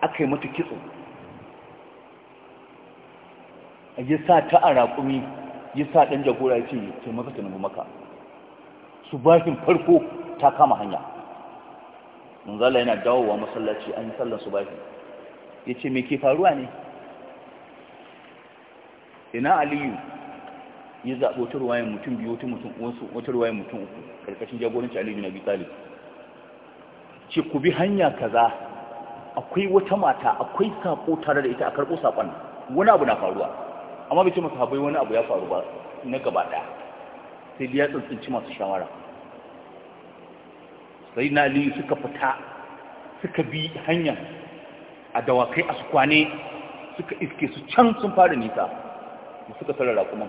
aka yi mata kitso ya sa ta a raƙumi ya sa ɗan jagora ya ce ce maka ta nufi maka su shi farko ta kama hanya manzala yana dawowa masallaci an yi sallar su shi ya ce mai ke faruwa ne ina aliyu ya zaɓi wata ruwayan mutum biyu wata ruwayan mutum uku ƙarƙashin jagoranci aliyu na bitali ce ku bi hanya kaza akwai wata mata akwai sako tare da ita a karɓo sakon wani abu na faruwa amma bai ce masa habai wani abu ya faru ba na gaba ɗaya sai ya tsantsanci masu shawara sai na liyu suka fita suka bi hanya a dawakai a su suka iske su can sun fara nisa da suka sarara kuma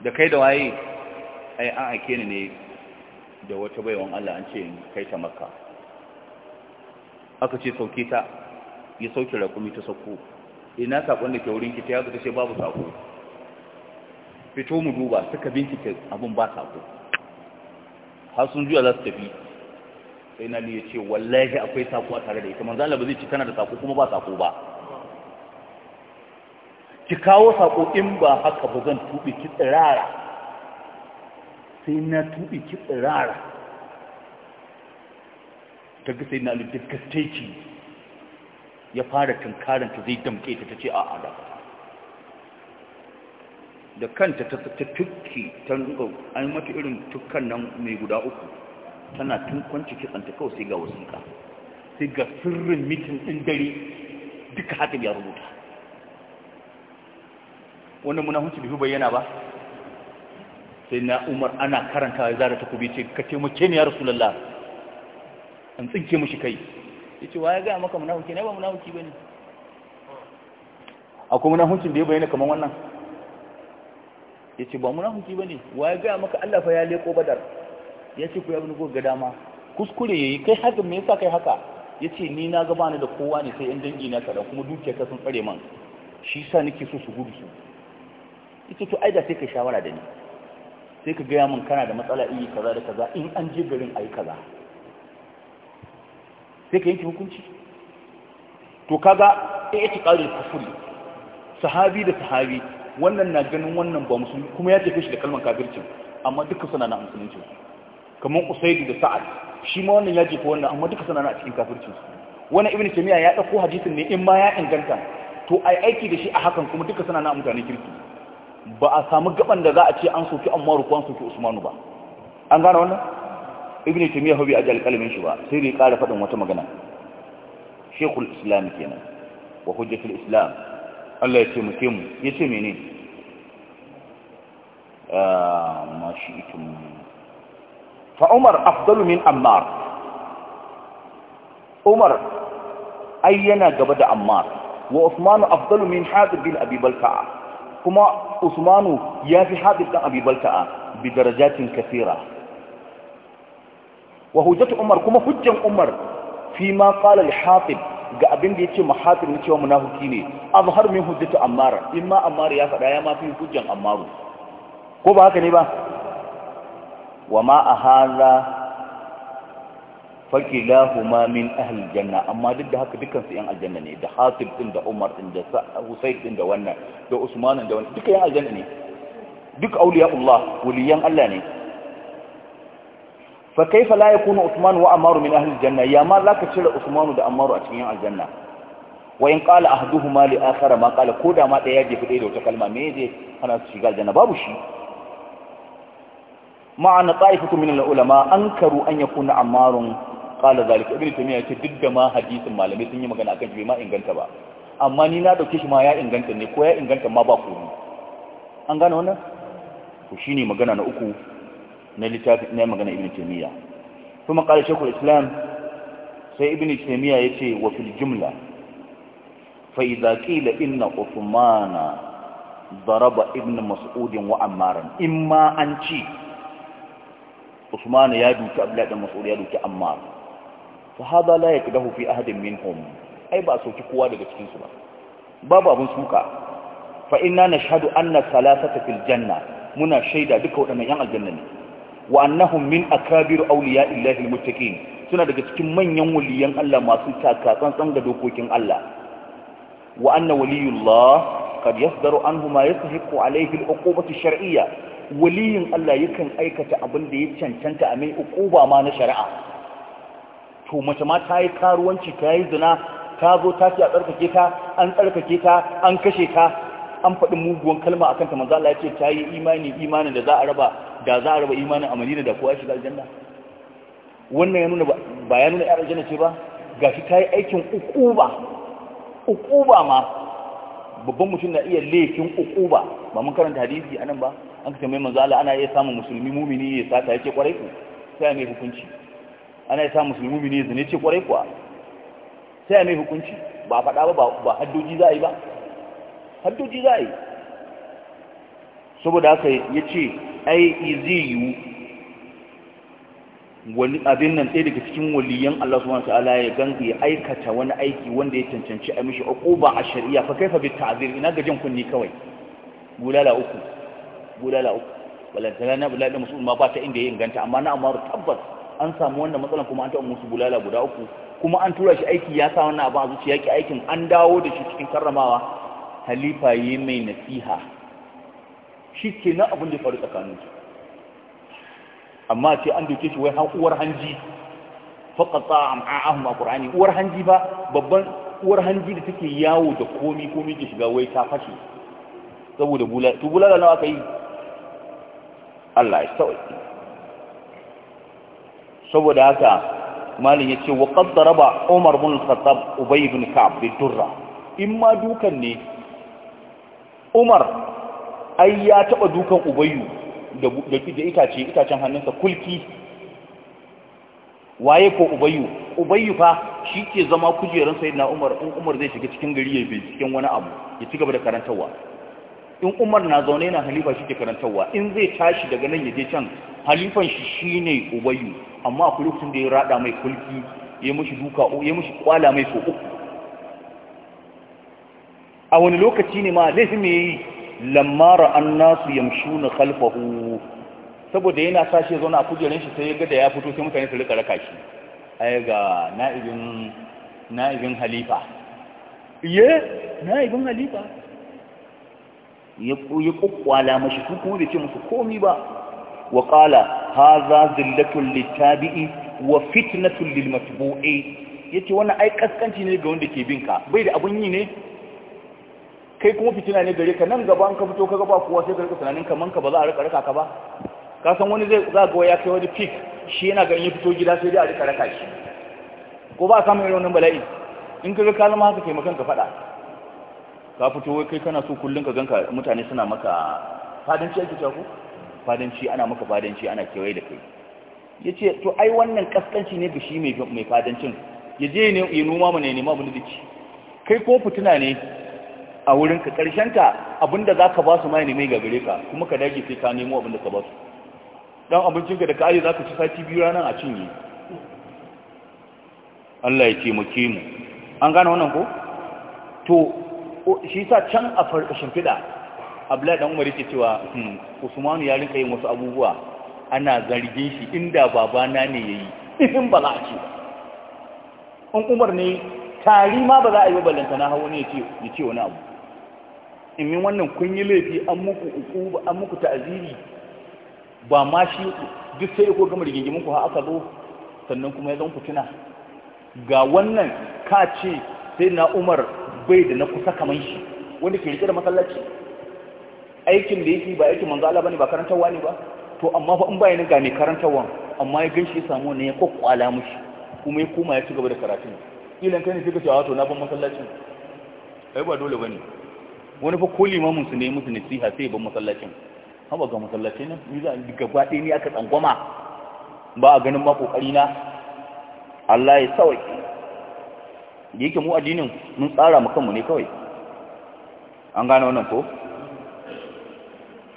da kai da waye ai an aike ni ne da wata baiwan Allah an ce kai ta makka aka ce sauke ta ya sauke rakumi ta sauko ina sakon da ke wurin Ta ya ta ce babu sako fito mu duba suka bincike abin ba sako har sun juya za su tafi sai na ya ce wallahi akwai sako a tare da ita Allah ba zai ci tana da sako kuma ba sako ba ki kawo sako in ba haka ba zan tuɓe ki tsirara sai na tuɓe ki tsirara ta ga sai na alubu ya fara tunkaranta zai damke ta ta ce a a da kanta ta tukki ta ruga an mata irin tukkan nan mai guda uku tana tunkwanci kitsanta kawai sai ga wasu ka sai ga sirrin mitin ɗin dare duka haka ya rubuta wannan munahunci bai bayyana ba sai na umar ana karanta ya zara kubi ce ka taimake ni ya rasulallah an tsinke mushi kai ya ce wa ya gaya maka munafuki ne ba munafuki ba ne akwai munafukin da ya bayyana kamar wannan ya ce ba munafuki ba ne wa ya gaya maka allafa ya leko badar ya ce ku ya bani ga dama kuskure ya yi kai haka me yasa kai haka ya ce ni na gaba ni da kowa ne sai yan dangi na kaɗan kuma dukiyar ka sun tsare man shi sa nake so su gudu su ita to ai da sai ka shawara da ni sai ka gaya min kana da matsala iri kaza da kaza in an je garin a yi kaza sai ka yanke hukunci to kaga ya yi da kufuri sahabi da sahabi wannan na ganin wannan ba musulmi kuma ya tafi shi da kalmar kafircin amma duka suna na musulunci kamar usaidu da sa'ad shi ma wannan ya jefa wannan amma duka suna na a cikin kafircin wannan ibn taymiya ya dauko hadisin ne in ma ya inganta to ai aiki da shi a hakan kuma duka suna na mutane kirki ba a samu gaban da za a ce an soki amma ko an soki usmanu ba an gane wannan ibn taymiyyah bai ajal kalmin shi ba sai dai kara faɗin wata magana shekul islam kenan wa hujjatul islam Allah ya ce mu ke mu yace mene ah mashiitum fa umar afdalu min ammar umar ai yana gaba da ammar wa usmanu afdalu min hadib bin abi kuma usmanu ya fi haɗin ɗan abibalta'a bi darajatin kasira wa hujjatu umar kuma hujjan umar fi ma qala al ga abin da yake muhatir ne cewa munafiki ne har min hujjatu ammar in ma ammar ya faɗa ya ma fi hujjan amaru ko ba haka ne ba wa ma ahalla fakilahuma min ahli janna amma duk da haka dukkan su yan aljanna ne da hasib din da umar din da husayn din da wannan da usman da wannan duka yan aljanna ne duk auliyaullah waliyan Allah ne fa kaifa la yakunu usman wa amaru min ahli janna ya ma zaka cire usman da amaru a cikin yan aljanna wa in qala ahduhuma li akhara ma qala ko da ma daya je fide da wata kalma me je ana su shiga aljanna babu shi ma'ana ta'ifatu min al-ulama ankaru an yakuna ammarun. kala zalika ibnu tamiya ce duk da ma hadisin malamai sun yi magana akan shi ma inganta ba amma ni na dauke shi ma ya inganta ne ko ya inganta ma ba komai an gane wannan to shine magana na uku na littafi na magana ibnu tamiya kuma kala shekul islam sai ibnu tamiya yace wa fil jumla fa idza qila inna uthmana daraba ibnu mas'udin wa in imma an ci Usman ya duki Abdullahi dan Mas'ud ya duki Ammar fahada la yaqdahu fi ahadin minhum ai ba soki kowa daga cikin su ba babu abun suka fa inna nashhadu anna salasata ta janna muna shaida duka waɗannan yan aljanna ne wa akabiru min akabir awliya'illahi suna daga cikin manyan waliyan Allah masu taka tsantsan ga dokokin Allah wa anna waliyullah qad yasdaru anhu ma yastahiqu alayhi al'uqubatu shar'iyya waliyin Allah yakan aikata abin da ya cancanta a mai uquba ma na shari'a to mace ma ta yi karuwanci ta yi zina ta zo ta ce a tsarkake ta an tsarkake ta an kashe ta an faɗi muguwan kalma a kanta, manzala ya ce ta yi imani imanin da za a raba da za a raba imanin a Madina da kowa shiga aljanna wannan ya nuna ba ya nuna 'yaran aljanna ce ba Ga shi ta yi aikin ukuba ukuba ma babban mutum na iya laifin ukuba ba mun karanta hadisi anan ba an ka mai manzala ana iya samun musulmi mumini ya sata yake kwarai ku sai mai hukunci ana ya sa musulmi mumini ya zane ce kwarai kuwa sai a mai hukunci ba faɗa ba ba haddoji za a yi ba haddoji za a yi saboda haka ya ce ai zai yiwu wani abin nan ɗaya daga cikin waliyan Allah subhanahu ta'ala ya ganga ya aikata wani aiki wanda ya cancanci a mishi ba a shari'a fa kaifa bi ta'azir ina ga jin kunni kawai bulala uku bulala uku balantana na bulala musulma ba ta inda ya inganta amma na amma tabbas an samu wannan matsalan kuma an taɓa musu bulala guda uku kuma an tura shi aiki ya sa wannan abin a zuciya ki aikin an dawo da shi cikin karramawa halifa yi mai nasiha shi ke nan abin da ya faru tsakanin su amma ce an doke shi wai har uwar hanji faƙaƙa am'a'ahum a ƙur'ani uwar hanji ba babban uwar hanji da take yawo da komi komi ke shiga wai ta fashe saboda bulala to bulala nawa ka yi Allah ya sauke saboda haka malin ya ce wa kaddara ba Umar bin Khattab Ubay bin Ka'ab durra in ma dukan ne Umar ai ya taba dukan ubayu da da itace itacen hannunsa kulki waye ko ubayu ubayu fa shi ke zama kujeran na Umar in Umar zai shiga cikin gari ya bi cikin wani abu ya ci gaba da karantawa in umar na zaune na halifa shi ke karantarwa in zai tashi daga nan ya je can halifan shi ne ubayu amma akwai lokacin da ya rada mai kulki ya mushi duka ya mushi kwala mai so uku a wani lokaci ne ma laifin mai yi lamara an nasu yamshu na kalfahu saboda yana sashe zaune a kujerar shi sai ya ga da ya fito sai mutane su rika raka shi ai ga na'ibin na'ibin halifa iye na'ibin halifa ya kukkwala mashi kuku da ce musu komi ba wa kala ha za zillatun littabi'i wa fitnatun lilmatubu'i ya ce wannan ai kaskanci ne ga wanda ke bin ka bai da abin yi ne kai kuma fitina ne gare ka nan gaba ka fito ka gaba kowa sai ka tunanin kaman ka ba za a rika raka ka ba ka san wani zai za ga ya kai wani fik shi yana ganin ya fito gida sai dai a rika raka shi ko ba a samun irin wannan bala'i in ka ga kalma haka taimakon ka faɗa ka fito wai kai kana so kullum ka ganka mutane suna maka fadanci ake cewa ko fadanci ana maka fadanci ana kewaye da kai ya ce to ai wannan kaskanci ne ga shi mai fadancin ya je ya noma mana ya ne abin da ci kai ko fituna ne a wurin ka karshen ka abinda zaka za ka ba su mai ne mai gagare ka kuma ka dage sai ka nemo abinda ka ba su dan abincin ka da ka aje za ci sati biyu ranar a cinye Allah ya ce mu ke mu an gane wannan ko to shi sa can a fiɗa. abdullahi da umar yake cewa hmm, usman ya rinka yin wasu abubuwa ana zargin shi inda babana ne yayi in ba za a ce in umar ne tari ma ba za a yi ballanta na hawo ne ya ce wani abu in min wannan kun yi laifi an muku uku an muku ta'aziri ba ma shi duk sai ko gama rigingimin ku har aka zo sannan kuma ya zan ku tuna ga wannan ka ce sai na umar bai da na kusa kamar shi wanda ke rike da masallaci aikin da yake ba aikin manzo Allah bane ba karantarwa ne ba to amma fa in bayani ga ne karantarwa amma ya ganshi ya samu ne ya kokkwala mushi kuma ya koma ya ci gaba da karatu kilan kai ne sai cewa to na ban masallacin ai ba dole bane wani fa ko limamin su ne musu nasiha sai ban masallacin haba ga masallacin nan ni za gaba ɗaya ne aka tsangwama ba a ganin ma kokari na Allah ya sauke da yake mu addinin mun tsara mu kanmu ne kawai an gane wannan ko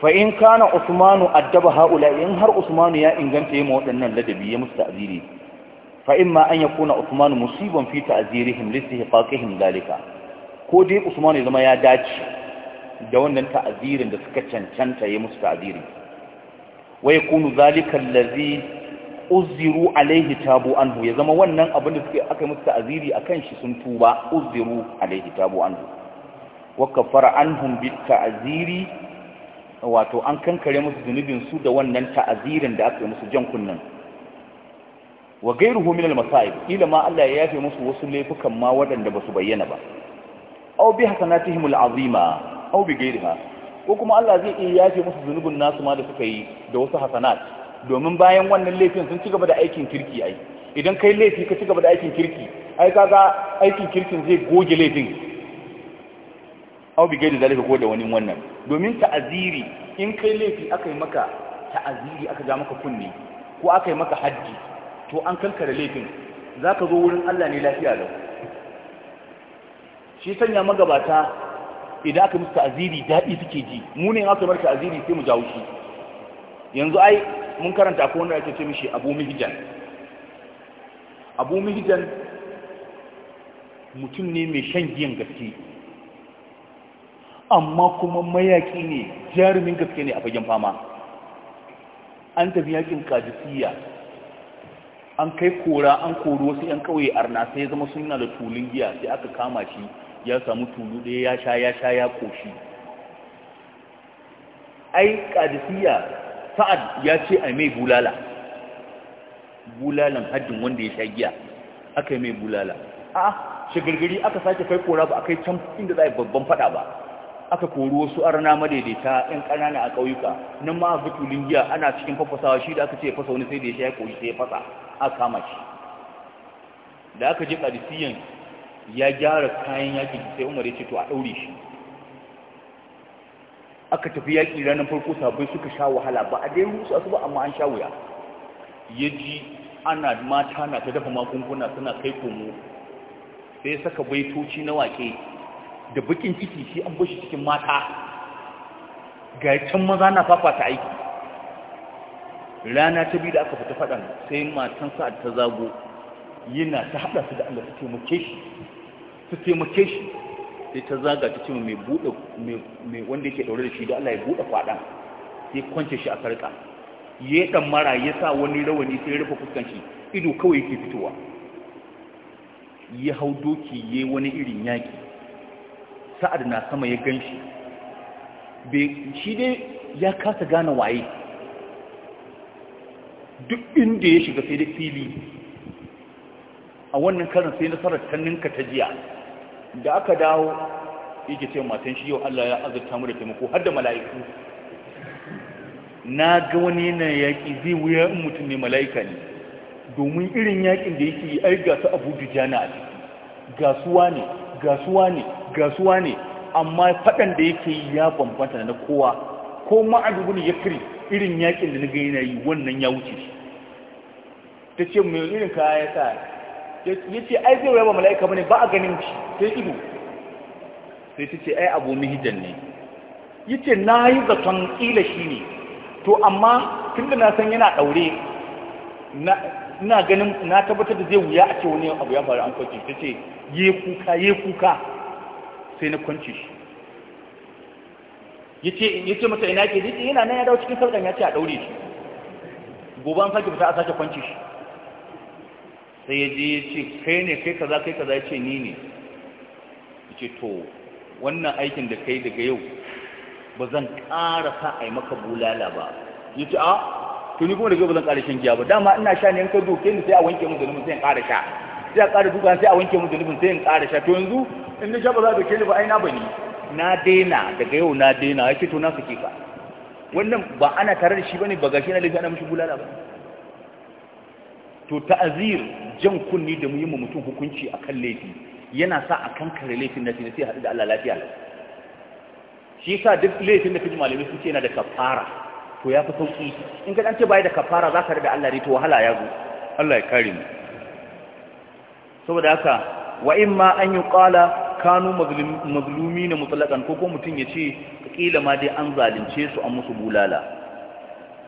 fa in kana usmanu addaba haula in har usmanu ya inganta ma waɗannan ladabi ya musu ta'ziri fa imma an yakuna usmanu musiban fi ta'zirihim li istihqaqihim dalika ko dai usmanu ya zama ya dace da wannan ta'zirin da suka cancanta ya musu ta'ziri wa yakunu zalika allazi uziru alaihi tabu anhu ya zama wannan abin da suke aka musu ta'ziri akan shi sun tuba uziru alaihi tabu anhu wa kafara anhum bi ta'aziri wato an kankare musu zunubin su da wannan ta'azirin da aka yi musu jan kunnan wa gairuhu min al-masa'ib ila ma Allah ya yafe musu wasu laifukan ma waɗanda ba su bayyana ba aw bi hasanatihim al-azima aw bi gairiha ko kuma Allah zai iya yafe musu zunubin nasu ma da suka yi da wasu hasanati domin bayan wannan laifin sun ci gaba da aikin kirki ai idan kai laifi ka ci gaba da aikin kirki ai kaga aikin kirkin zai goge laifin au bigai da zalika ko da wani wannan domin ta'aziri in kai laifi aka yi maka ta'aziri aka ja maka kunne ko aka maka haddi to an kankare laifin za zo wurin Allah ne lafiya lau shi sanya magabata idan aka musu ta'aziri daɗi suke ji mu ne aka mar ta'aziri sai mu jawo shi yanzu ai mun karanta ko wanda ake ce mishi abu mihjan abu mihjan mutum ne mai shan giyan gaske amma kuma mayaki ne jarumin gaske ne a fagen fama an tafi yakin kajisiyya an kai kora an kori wasu 'yan kawai arna sai ya zama suna da tulun giya sai aka kama shi ya samu tulu ɗaya ya sha ya sha ya koshi ai kadisiya sa'ad ya ce a mai bulala bulalan haddin wanda ya sha giya aka yi mai bulala a shagargari aka sake kai kora ba a kai can inda za a yi babban fada ba aka kori wasu arna madaidaita yan ƙanana a ƙauyuka nan ma a butulin giya ana cikin fafasawa shi da aka ce fasa wani sai da ya sha ya kori sai ya fasa a kama shi da aka je ƙadisiyan ya gyara kayan yakin sai umar ya ce to a ɗaure shi aka tafi yaƙi ranar farko sabai suka sha wahala ba a dai rusa su ba amma an sha wuya ya ji ana mata na ta dafa magunguna suna kai komo sai ya saka baitoci na wake da bakin ciki shi an bashi cikin mata ga can maza na fafa ta aiki rana ta biyu da aka fita faɗan sai matan sa'ad ta zago yana ta haɗa su da Allah su taimake shi sai ta zaga ta cewa mai buɗe mai wanda yake ɗaure da shi da Allah ya buɗe faɗa sai kwance shi a sarƙa ya ɗan mara ya sa wani rawani sai ya rufe fuskan shi ido kawai yake fitowa ya hau doki ya wani irin yaƙi sa'ad na sama ya gan shi shi dai ya kasa gane waye duk inda ya shiga sai da fili a wannan karin sai nasarar ta ninka ta jiya da aka dawo yake ce matan shi yau Allah ya azurta mu da taimako har da mala'iku na ga wani na yaƙi zai wuya in mutum ne mala'ika ne domin irin yaƙin da yake yi ai ga su abu dujana a ciki gasuwa ne gasuwa ne gasuwa ne amma faɗan da yake yi ya bambanta na kowa ko ma'adubun ya kiri irin yaƙin da na ga yana yi wannan ya wuce shi ta ce mai irin kaya ya sa ya ce ai zai wa mala'ika bane ba a ganin shi sai ido sai ta ce ai abu mihijan ne ya ce na yi zaton ƙila shi ne to amma tun da na san yana ɗaure na ganin na tabbatar da zai wuya a ce wani abu ya faru an kwanci ta ce ye kuka ye kuka sai na kwanci shi ya ce mata ina ke yana nan ya dawo cikin sauɗan ya ce a ɗaure shi gobe an sake fita a sake kwanci shi sai ya je ya ce kai ne kai kaza kai kaza ya ce ni ne ya ce to wannan aikin da kai daga yau ba zan ƙara sa a yi maka bulala ba ya ce a ah, to ni kuma daga yau ba zan ƙara shan giya ba dama ina sha ne in ka doke ni sai a wanke mun zanubin sai in ƙara sha sai a ƙara duka sai a wanke mun zanubin sai in ƙara sha to yanzu in na sha ba za a doke ni ba ai na ni na daina daga yau na daina ya ce to na sake ka wannan ba ana tare da shi bane ba gashi na lafiya na mashi bulala ba to ta'azir jan kunni da mu yi mu mutum hukunci a kan laifi yana sa a kankare laifin da sai haɗu da Allah lafiya shi sa duk laifin da kaji malamai sun ce yana da kafara to ya fi sauƙi in ka ce bayan da kafara za ka da Allah ne to wahala ya zo Allah ya kare mu saboda haka wa in ma an yi ƙwala kanu mazlumi na mutlaqan ko ko ya ce ƙila ma dai an zalunce su an musu bulala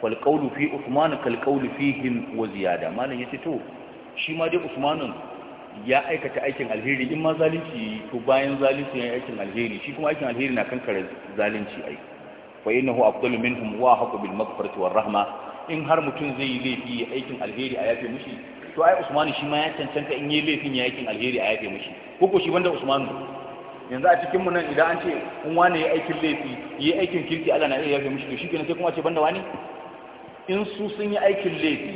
falƙaulu fi usmanu kalƙaulu fihim wa ziyada malam ya ce to shi ma dai usmanun ya aikata aikin alheri in ma zalunci to bayan zalunci ya yi aikin alheri shi kuma aikin alheri na kankare zalunci ai fa innahu afdalu minhum wa haqu bil maghfirati war rahma in har mutum zai yi laifi aikin alheri a yafe mushi to ai usmanu shi ma ya cancanta in yi laifin ya aikin alheri a yafe mushi ko ko shi banda usmanu yanzu a cikin mu nan idan an ce in wani ya aikin laifi ya aikin kirki Allah na iya yafe mushi to shi kenan sai kuma ce banda wani in su sun yi aikin laifi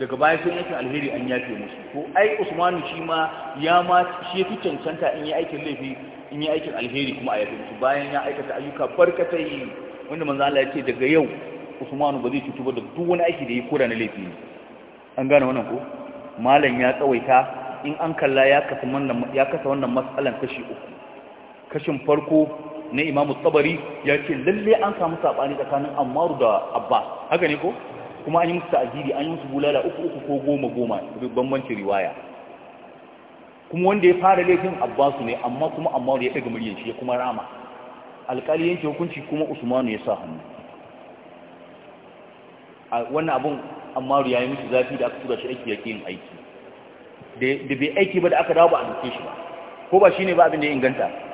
daga baya sun aikin alheri an yafe musu ko ai usmanu shi ma ya ma shi fi cancanta in yi aikin laifi in yi aikin alheri kuma a yafe musu bayan ya aikata ayyuka barkatai wanda manzo Allah ya ce daga yau usmanu ba zai cutu ba da duk wani aiki da ya kora na laifi ne an gane wannan ko malam ya tsawaita in an kalla ya kasa wannan ya kasa wannan matsalan kashi uku kashin farko na imamu tsabari ya ce lalle an samu saɓani tsakanin ammaru da Abba. haka ne ko kuma an yi musu ta'aziri an yi musu bulala uku uku ko goma goma bambancin riwaya kuma wanda ya fara laifin abbasu ne amma kuma ammaru ya ɗaga muryar shi ya kuma rama alƙali yanke hukunci kuma usmanu ya sa hannu a wannan abun ammaru ya yi musu zafi da aka tura shi aiki ya yin aiki da bai aiki ba da aka dawo ba a duke shi ba ko ba shi ne ba abin da ya inganta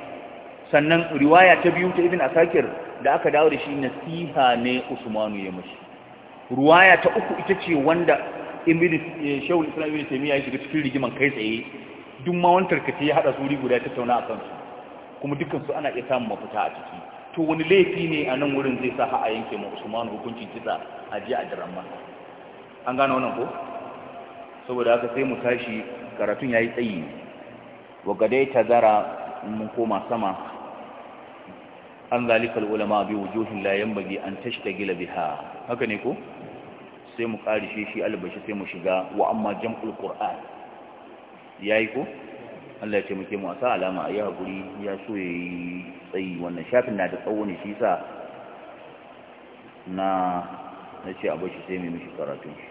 sannan riwaya ta biyu ta ibn asakir da aka dawo da shi nasiha ne usmanu ya mashi riwaya ta uku ita ce wanda ibn eh, shawul islam ibn taymiya ya shiga cikin rigiman kai tsaye duk ma wani tarkace ya hada su guda ta tauna akan su kuma dukkan ana iya samun mafita a ciki to wani laifi ne a nan wurin zai sa a yanke ma usmanu hukuncin kisa a jiya a jiran an gano wannan ko saboda haka sai mu tashi karatun yayi tsayi wa gadai zara mun koma sama an zalikal ulama bi wujuhin la yanbaghi an tashi tashtagila biha haka ne ko sai mu karishe shi albashi sai mu shiga wa amma jam'ul ya yi ko Allah ya ce muke mu a sa alama a ayi hakuri ya so ya yi tsayi wannan shafin na da tsawo ne shi sa na nace shi sai mu mishi shi,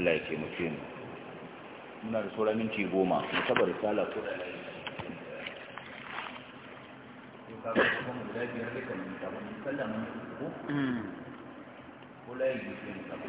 Allah ya ce mu ce muna da sauran minti goma mu tabbata sala ko da ka ga kuma guda biyar duka ne ka ba sallah mun ko mm. ko layi ne ka ba